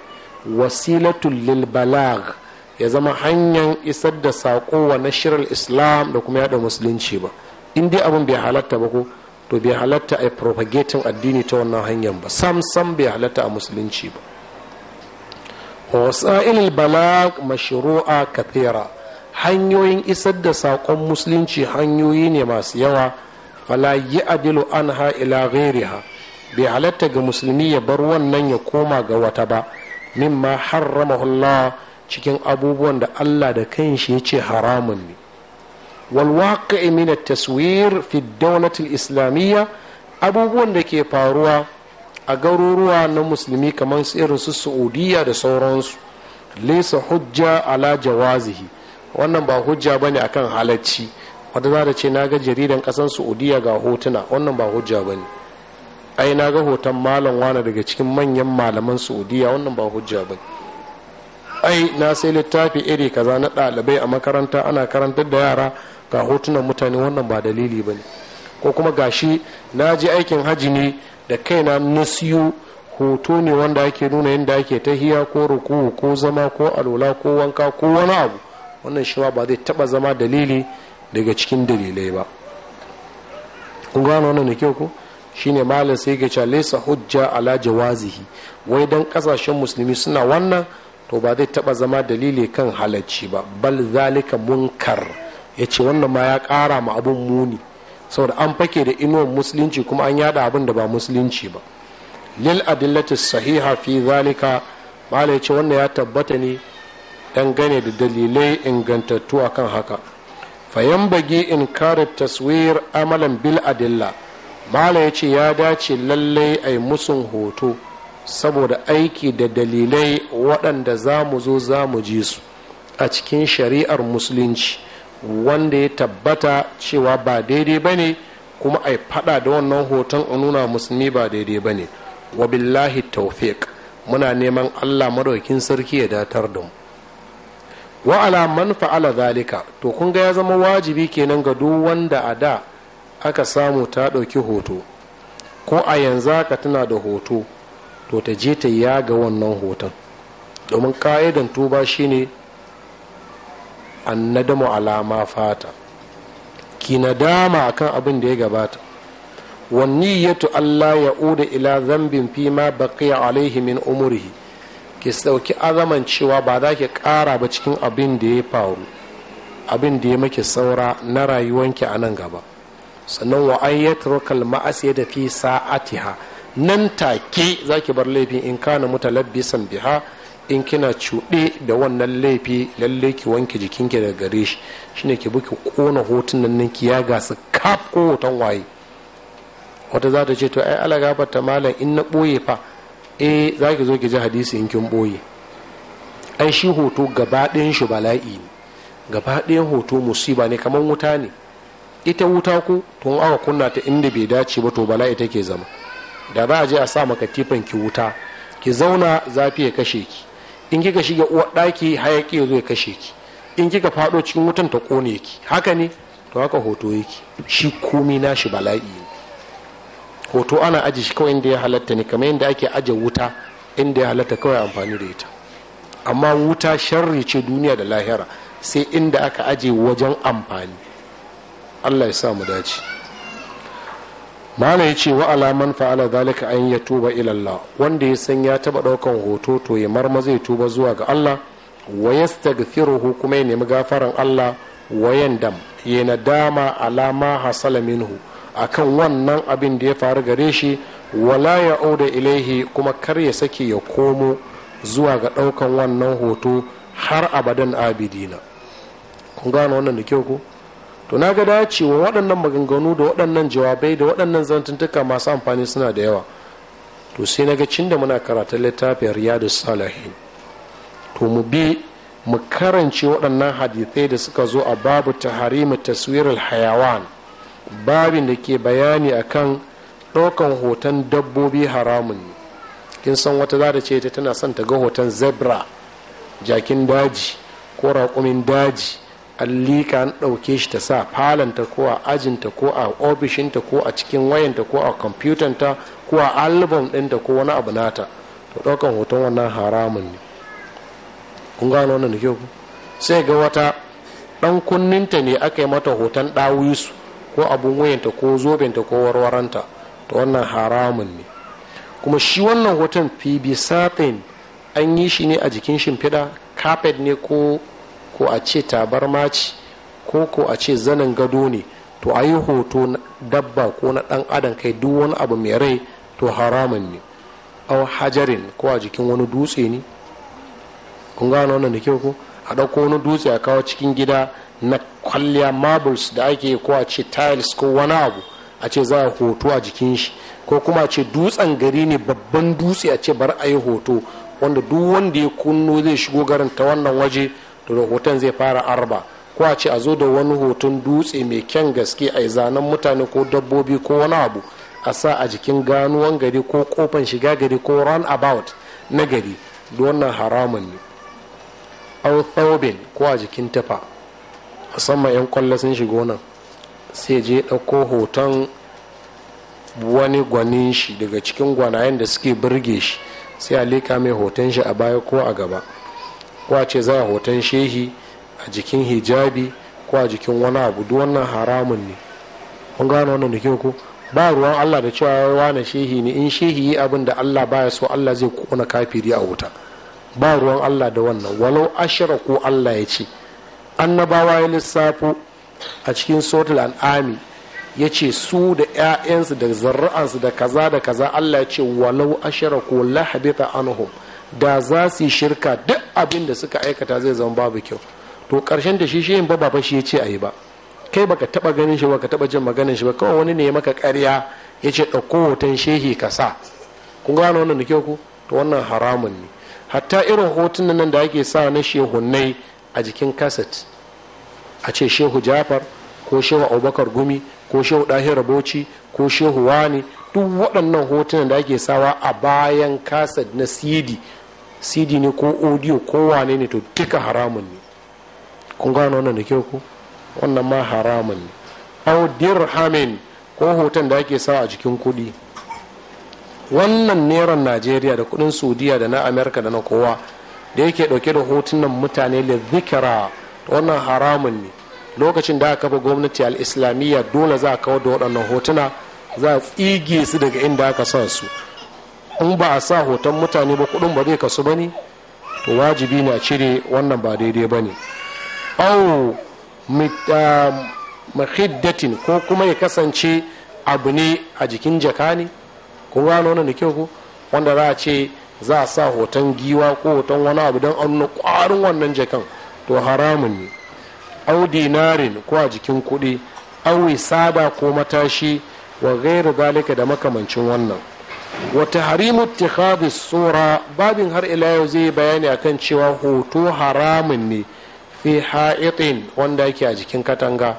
wasilatul lil balag ya zama hanyar isar da saƙo wa nashirar islam da kuma yaɗa musulunci ba in dai abin bai halatta ba ko to bai halatta a propagating addini ta wannan hanyar ba sam sam bai halatta a musulunci ba wasa'il bala mashru'a kathira hanyoyin isar da saƙon musulunci hanyoyi ne masu yawa fala yi adilu anha ila ghairiha bai halatta ga musulmi ya bar wannan ya koma ga wata ba mimma harramahullah cikin abubuwan da Allah da kanshi ya ce haramun ne والواقع من التسوير في الدولة الإسلامية abubuwan da ke faruwa a garuruwa na musulmi kamar irin su saudiya da sauransu lesa hujja ala jawazihi wannan ba hujja ba ne akan halacci wata za da ce na ga jaridan kasan saudiya ga hotuna wannan ba hujja ba ne ai na ga hoton malam wana daga cikin manyan malaman saudiya wannan ba hujja ba ne ai na sai littafi iri kaza na ɗalibai a makaranta ana karantar da yara ga hotunan mutane wannan ba dalili ba ne ko kuma gashi na ji aikin haji ne da kaina na siyo hoto ne wanda ake nuna yadda ake ta hiya ko ruku ko zama ko alola ko wanka ko wani abu wannan shi ba zai taba zama dalili daga cikin dalilai ba kun gano wannan da kyau ko shine malam sai ga cewa laysa hujja ala jawazihi wai dan kasashen musulmi suna wannan to ba zai taba zama dalili kan halacci ba bal zalika munkar ya ce wannan ma ya kara ma abin muni saboda an fake da inuwar musulunci kuma an yada abin da ba musulunci ba lil adillati sahiha fi zalika mala ya ce wannan ya tabbata ne gane da dalilai ingantattu akan haka fayan bagi in kare taswir amalan bil adilla mala ya ce ya dace lallai a musun hoto saboda aiki da dalilai waɗanda za mu zo za mu ji su a cikin shari'ar musulunci wanda ya tabbata cewa ba daidai ba ne kuma a fada da wannan hoton a nuna musulmi ba daidai ba ne wa billahi tawfiq muna neman allah madaukin sarki ya datar da mu wa ala man fa'ala zalika to kun ga ya zama wajibi kenan ga duk wanda a da aka samu ta ɗauki hoto ko a yanzu aka tana da hoto to ta je ta yaga wannan hoton domin ka'idan tuba shine an annadamu alama fata ki nadama akan abin da ya gabata wanniyatu Allah ya uda ila zambin fi ma baqiya alaihi min umrihi ki sauki azaman cewa ba za ki kara ba cikin abin da ya faru abin da ya maki saura na rayuwanki a nan gaba sannan wa an yatrukal ma'asiya da fi sa'atiha nan take ki bar laifin in kana mutalabbisan biha in kina cuɗe da wannan laifi lalle ki wanke jikin ki daga gare shi shine ki buki kona hotunan nan ki yaga su kaf ko hoton waye wata za ta ce to ai ala bata malam in na ɓoye fa eh za ki zo ki ji hadisi in kin ɓoye ai shi hoto gaba ɗayan shi bala'i ne gaba ɗayan hoto musiba ne kamar wuta ne ita wuta ko tun aka kunna ta inda bai dace ba to bala'i take zama da ba a je a sa maka tifan ki wuta ki zauna zafi ya kashe ki in kika shiga uwarɗaki ɗaki hayaki ya zo ya kashe ki in kika faɗo cikin wutan ta kone ki haka ne to haka hoto yake shi komi nashi bala'i ne hoto ana aji shi kawai inda ya halatta ne kamar yadda ake aje wuta inda ya halatta kawai amfani da ita amma wuta sharri ce duniya da lahira sai inda aka aje wajen amfani allah ya sa mu dace mala ya ce wa alaman fa'ala zalika an ya tuba ilallah wanda ya san ya taba daukan hoto to ya marma zai tuba zuwa ga Allah wa yastaghfiruhu kuma ya nemi gafaran Allah Wa dam ya nadama alama hasala minhu akan wannan abin da ya faru gare shi wala ya auda ilaihi kuma kar ya sake ya komo zuwa ga daukan wannan hoto har abadan abidina kun gano wannan da kyau ko to na ga dacewa waɗannan maganganu da waɗannan jawabai da waɗannan zantuntuka masu amfani suna da yawa to sai na ga cin da muna karatun littafin riyadu salihin to mu bi mu karance waɗannan hadithai da suka zo a babu taharimu taswirar hayawan babin da ke bayani akan ɗaukan hoton dabbobi haramun kin san wata za ta ce ta tana son ta ga hoton zebra jakin daji ko raƙumin daji an liƙa an ɗauke shi ta sa falanta ko a ajinta ko a ofishinta ko a cikin wayanta ko a kwamfutanta ko a album ɗinta ko wani abu nata to ɗaukan hoton wannan haramun ne kun gano wannan da ku sai ga wata ɗan kunninta ne aka yi mata hoton ɗawisu ko abun wayanta ko zobenta ko warwaranta to wannan haramun ne kuma shi wannan hoton fi bisatin an yi shi ne a jikin shimfiɗa kafet ne ko ko a ce tabarma ce ko ko a ce zanin gado ne to a yi hoto na dabba ko na ɗan adam kai duk wani abu mai rai to haramun ne au hajarin ko a jikin wani dutse ne kun gano wannan da kyau ko a ɗauko wani dutse a kawo cikin gida na kwalliya marbles da ake ko a ce tiles ko wani abu a ce za a hoto a jikin shi ko kuma a ce dutsen gari ne babban dutse a ce bar a yi hoto wanda duk wanda ya kunno zai shigo garin ta wannan waje to hoton zai fara arba ko a ce a zo da wani hoton dutse mai kyan gaske a zanen mutane ko dabbobi ko wani abu a sa a jikin ganuwan gari ko kofan shiga gari ko run about na gari da wannan haramun ne au ko a jikin tafa musamman yan kwallo sun shigo nan sai je ɗauko hoton wani gwanin shi daga cikin gwanayen da suke burge shi sai a leka mai hoton shi a baya ko a gaba ko a ce za hoton shehi a jikin hijabi ko a jikin wani abu duk wannan haramun ne kun gane wannan da ko ba ruwan Allah da cewa wani shehi ne in shehi yi abin da Allah baya so Allah zai kona kafiri a wuta ba ruwan Allah da wannan walau ashira ko Allah ya ce annabawa ya lissafo a cikin sotul an'ami ya ce su da 'ya'yansu da zarra'ansu da kaza da kaza Allah ya ce walau ashira ko lahabita anhum da za su yi shirka duk abin da suka aikata zai zama babu kyau to karshen da shi shi ba ba shi ya ce a yi ba kai baka taba ganin shi baka taba jin maganin shi ba kawai wani ne ya maka karya ya ce ɗauko hoton shehi ka sa kun gano wannan da kyau ku to wannan haramun ne hatta irin hotunan nan da ake sa na shehunnai a jikin kaset a ce shehu jafar ko shehu abubakar gumi ko shehu ɗahira bauchi ko shehu wani duk waɗannan hotunan da ake sawa a bayan kaset na cd cd ne ko audio ko wane ne to duka haramun ne kun gano wannan da kyau ko wannan ma haramun ne au dirhamin ko hoton da ake sa a jikin kudi wannan neran najeriya da kudin saudiya da na amerika da na kowa da yake dauke da hotunan mutane da zikira wannan haramun ne lokacin da aka kafa gwamnati al-islamiyya dole za a kawo da waɗannan hotuna za a tsige su daga inda aka sa su in ba a sa hoton mutane ba kudin ba zai kasu ba ne to wajibi na cire wannan ba daidai ba ne au mahiddatin um, ko kuma ya kasance abu ne a jikin jaka ne kun gano wannan da kyau wanda za a ce za a sa hoton giwa ko hoton wani abu don an kwarin wannan jakan to haramun ne au dinarin ko a jikin kuɗi au sada ko matashi wa gairu zalika da makamancin wannan wata tahrimu ittikhadhi sura babin har ila yau zai bayani akan cewa hoto haramun ne fi ha'itin wanda yake a jikin katanga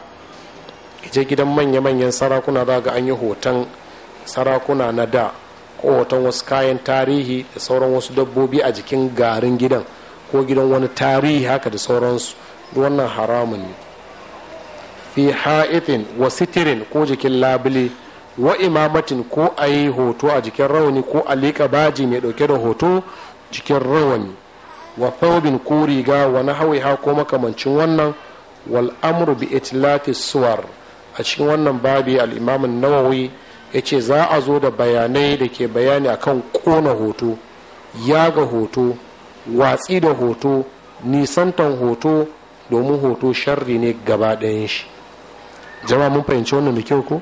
je gidan manya-manyan sarakuna za ga an yi hoton sarakuna na da ko hoton wasu kayan tarihi da sauran wasu dabbobi a jikin garin gidan ko gidan wani tarihi haka da sauransu wannan haramun ne fi ha'itin wa sitirin ko jikin labule wa imamatin ko a yi hoto a jikin rawani ko a liƙa baji mai ɗauke da hoto cikin rawani wa faubin ko riga wa na ha ko makamancin wannan wal amru bi itlafi suwar a cikin wannan babi al'imamin nawawi ya ce za a zo da bayanai da ke bayani akan kona hoto yaga hoto watsi da hoto nisantan hoto domin hoto sharri ne gaba ɗayan shi jama'a mun fahimci wannan da kyau ko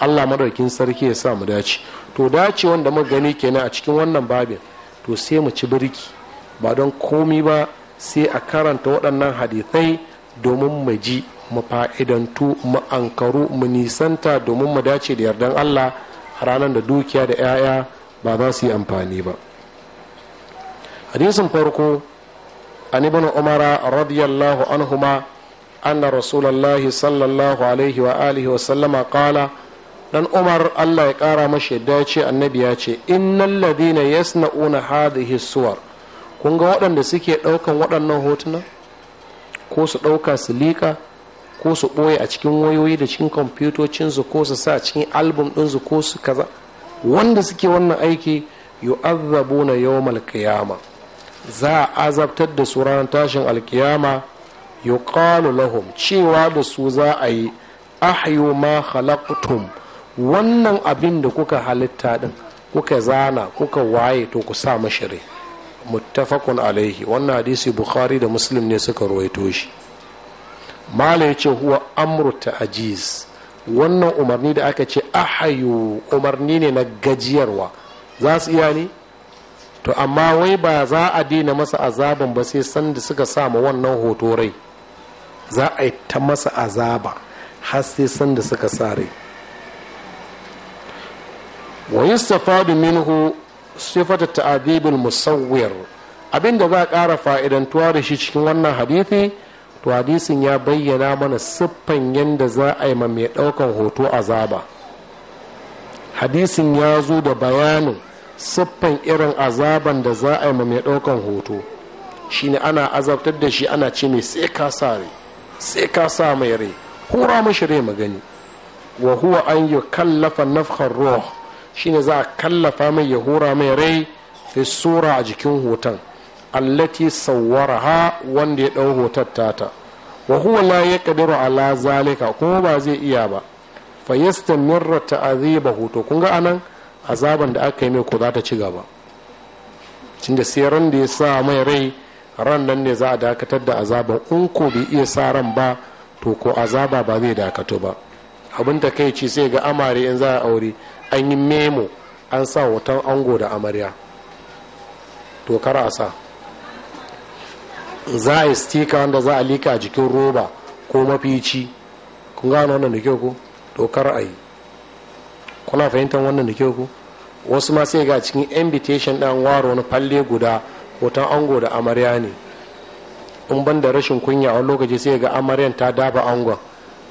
allah madaukin sarki ya sa mu dace to dace wanda muka gani kenan a cikin wannan babin to sai mu ci birki ba don komi ba sai a karanta waɗannan hadithai domin mu ji mu fa'idantu mu ankaru mu nisanta domin mu dace da yardan allah a ranar da dukiya da 'ya'ya ba za su yi amfani ba hadisin farko an ibn umara radiyallahu anhuma anna rasulallahi sallallahu alaihi wa alihi wa sallama qala dan umar allah ya kara mashi yadda ya ce annabi ya ce innan ladina yasna'una hadhihi suwar kun ga waɗanda suke ɗaukan waɗannan hotuna ko su ɗauka su liƙa ko su ɓoye a cikin wayoyi da cikin kwamfutocinsu ko su sa cikin album ɗinsu ko su kaza wanda suke wannan aiki na yawmal qiyama za a azabtar da su ranar tashin alkiyama yuqalu lahum cewa da su za a yi ahyu ma khalaqtum wannan abin da kuka halitta din kuka zana kuka waye to ku sa mashire muttafaqun alaihi wannan hadisi bukhari da muslim ne suka ruwaito shi mala ya ce huwa amru ta'jiz wannan umarni da aka ce ahayu umarni ne na gajiyarwa za su iya ne to amma wai ba za a daina masa azaban ba sai sanda suka sa ma wannan hoto rai za a yi ta masa azaba har sai sanda suka sa rai wa minhu sifatu ta'dibul musawwir abinda za a ƙara fa'idantuwa da shi cikin wannan hadisi to hadisin ya bayyana mana siffan yadda za a yi ma mai ɗaukan hoto azaba hadisin ya zo da bayanin siffan irin azaban da za a yi ma mai ɗaukan hoto shine ana azabtar da shi ana ce mai sai ka sa rai sai ka sa mai rai hura mashi rai magani wa huwa an yi kallafa nafkar ruh shine za a kallafa mai ya hura mai rai fi sura a jikin hoton allati ha wanda ya ɗau hoton tata wa huwa la yaqdiru ala zalika kuma ba zai iya ba fa yastamirra ta'adhibahu to kun ga anan azaban da aka yi mai ko za ta ci gaba tunda sai ran da ya sa mai rai ran nan ne za a dakatar da azaban in ko bai iya sa ran ba to ko azaba ba zai dakato ba abin da kai ci sai ga amare in za a aure an yi memo an sa hoton ango da amarya to kar a sa za a yi stika wanda za a lika a jikin roba ko mafici kun gano wannan da kyau ko to kar a yi kuna fahimtar wannan da kyau ko wasu ma sai ga cikin invitation ɗan waro wani falle guda hoton ango da amarya ne in ban da rashin kunya a wani lokaci sai ga amaryan ta dafa angon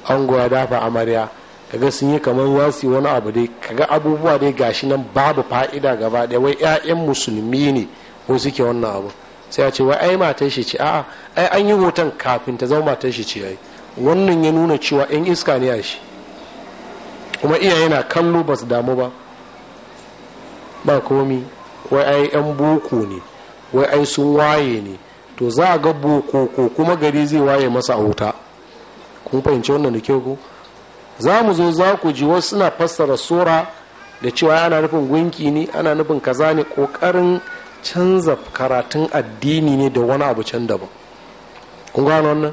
ango ya dafa amarya kaga sun yi kamar wasi wani abu dai kaga abubuwa dai gashi nan babu fa'ida gaba ɗaya wai 'ya'yan musulmi ne ko suke wannan abu sai a ce wai ai matan shi ce a'a ai an yi hoton kafin ta zama matar shi ce ai wannan ya nuna cewa 'yan iska ne a shi kuma iyaye na kallo ba su damu ba ba komi wai ai 'yan boko ne wai ai sun waye ne to za a ga boko ko kuma gari zai waye masa a wuta kun fahimci wannan da kyau ko za mu zo za ku ji wasu suna fassara sura da cewa ana nufin gunki ne ana nufin kaza ne kokarin canza karatun addini ne da wani abu can daban kun gano wannan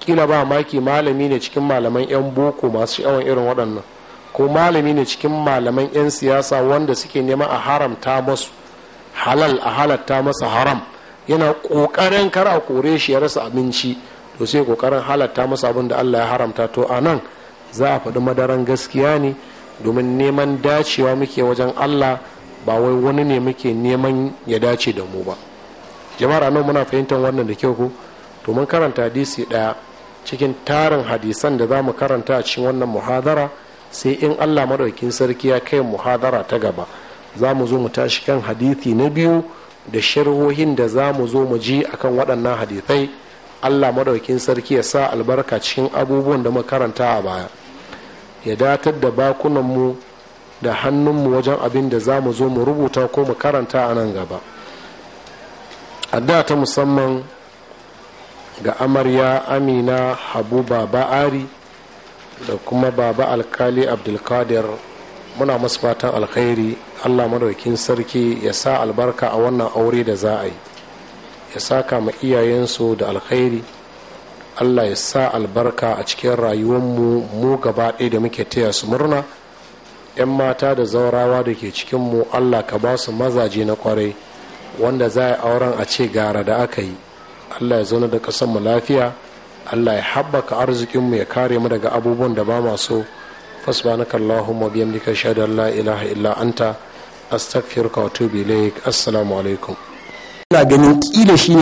kila ba maki malami ne cikin malaman 'yan boko masu yawan irin waɗannan ko malami ne cikin malaman 'yan siyasa wanda suke nema a haramta masu halal a halatta masa haram yana ƙoƙarin kar a kore shi ya rasa abinci to sai ƙoƙarin halatta masa abin da allah ya haramta to a nan za a faɗi madaran gaskiya ne domin neman dacewa muke wajen allah ba wai wani ne muke neman ya dace da mu ba jama'ar nan muna fahimtar wannan da kyau ko to mun karanta hadisi ɗaya cikin tarin hadisan da za mu karanta a cikin wannan muhadara sai in allah maɗaukin sarki ya kai muhadara ta gaba za mu zo mu tashi kan hadisi na biyu da sharhohin da za mu zo mu ji akan waɗannan hadisai allah maɗaukin sarki ya sa albarka cikin abubuwan da mu karanta a baya ya datar da bakunanmu da hannunmu wajen abin da za mu zo mu rubuta ko mu karanta a nan gaba da ta musamman ga amarya amina habu baba ari da kuma baba alkali abdulkadir muna masu fatan alkhairi allah madaukin sarki ya sa albarka a wannan aure da za a yi ya saka ma iyayensu da alkhairi allah ya sa albarka a cikin rayuwanmu mu gaba ɗaya da muke taya su murna 'yan mata da zaurawa da ke cikinmu allah ka ba su mazaje na kwarai wanda za a auren a ce gara da aka yi allah ya zauna da mu lafiya allah ya haɓaka arzikinmu ya kare mu daga abubuwan da ba maso fasbanaka allahumma biyamdika dika an la ilaha illa anta astaghfiruka wa atubu ilaik assalamu alaikum ina ganin kila shi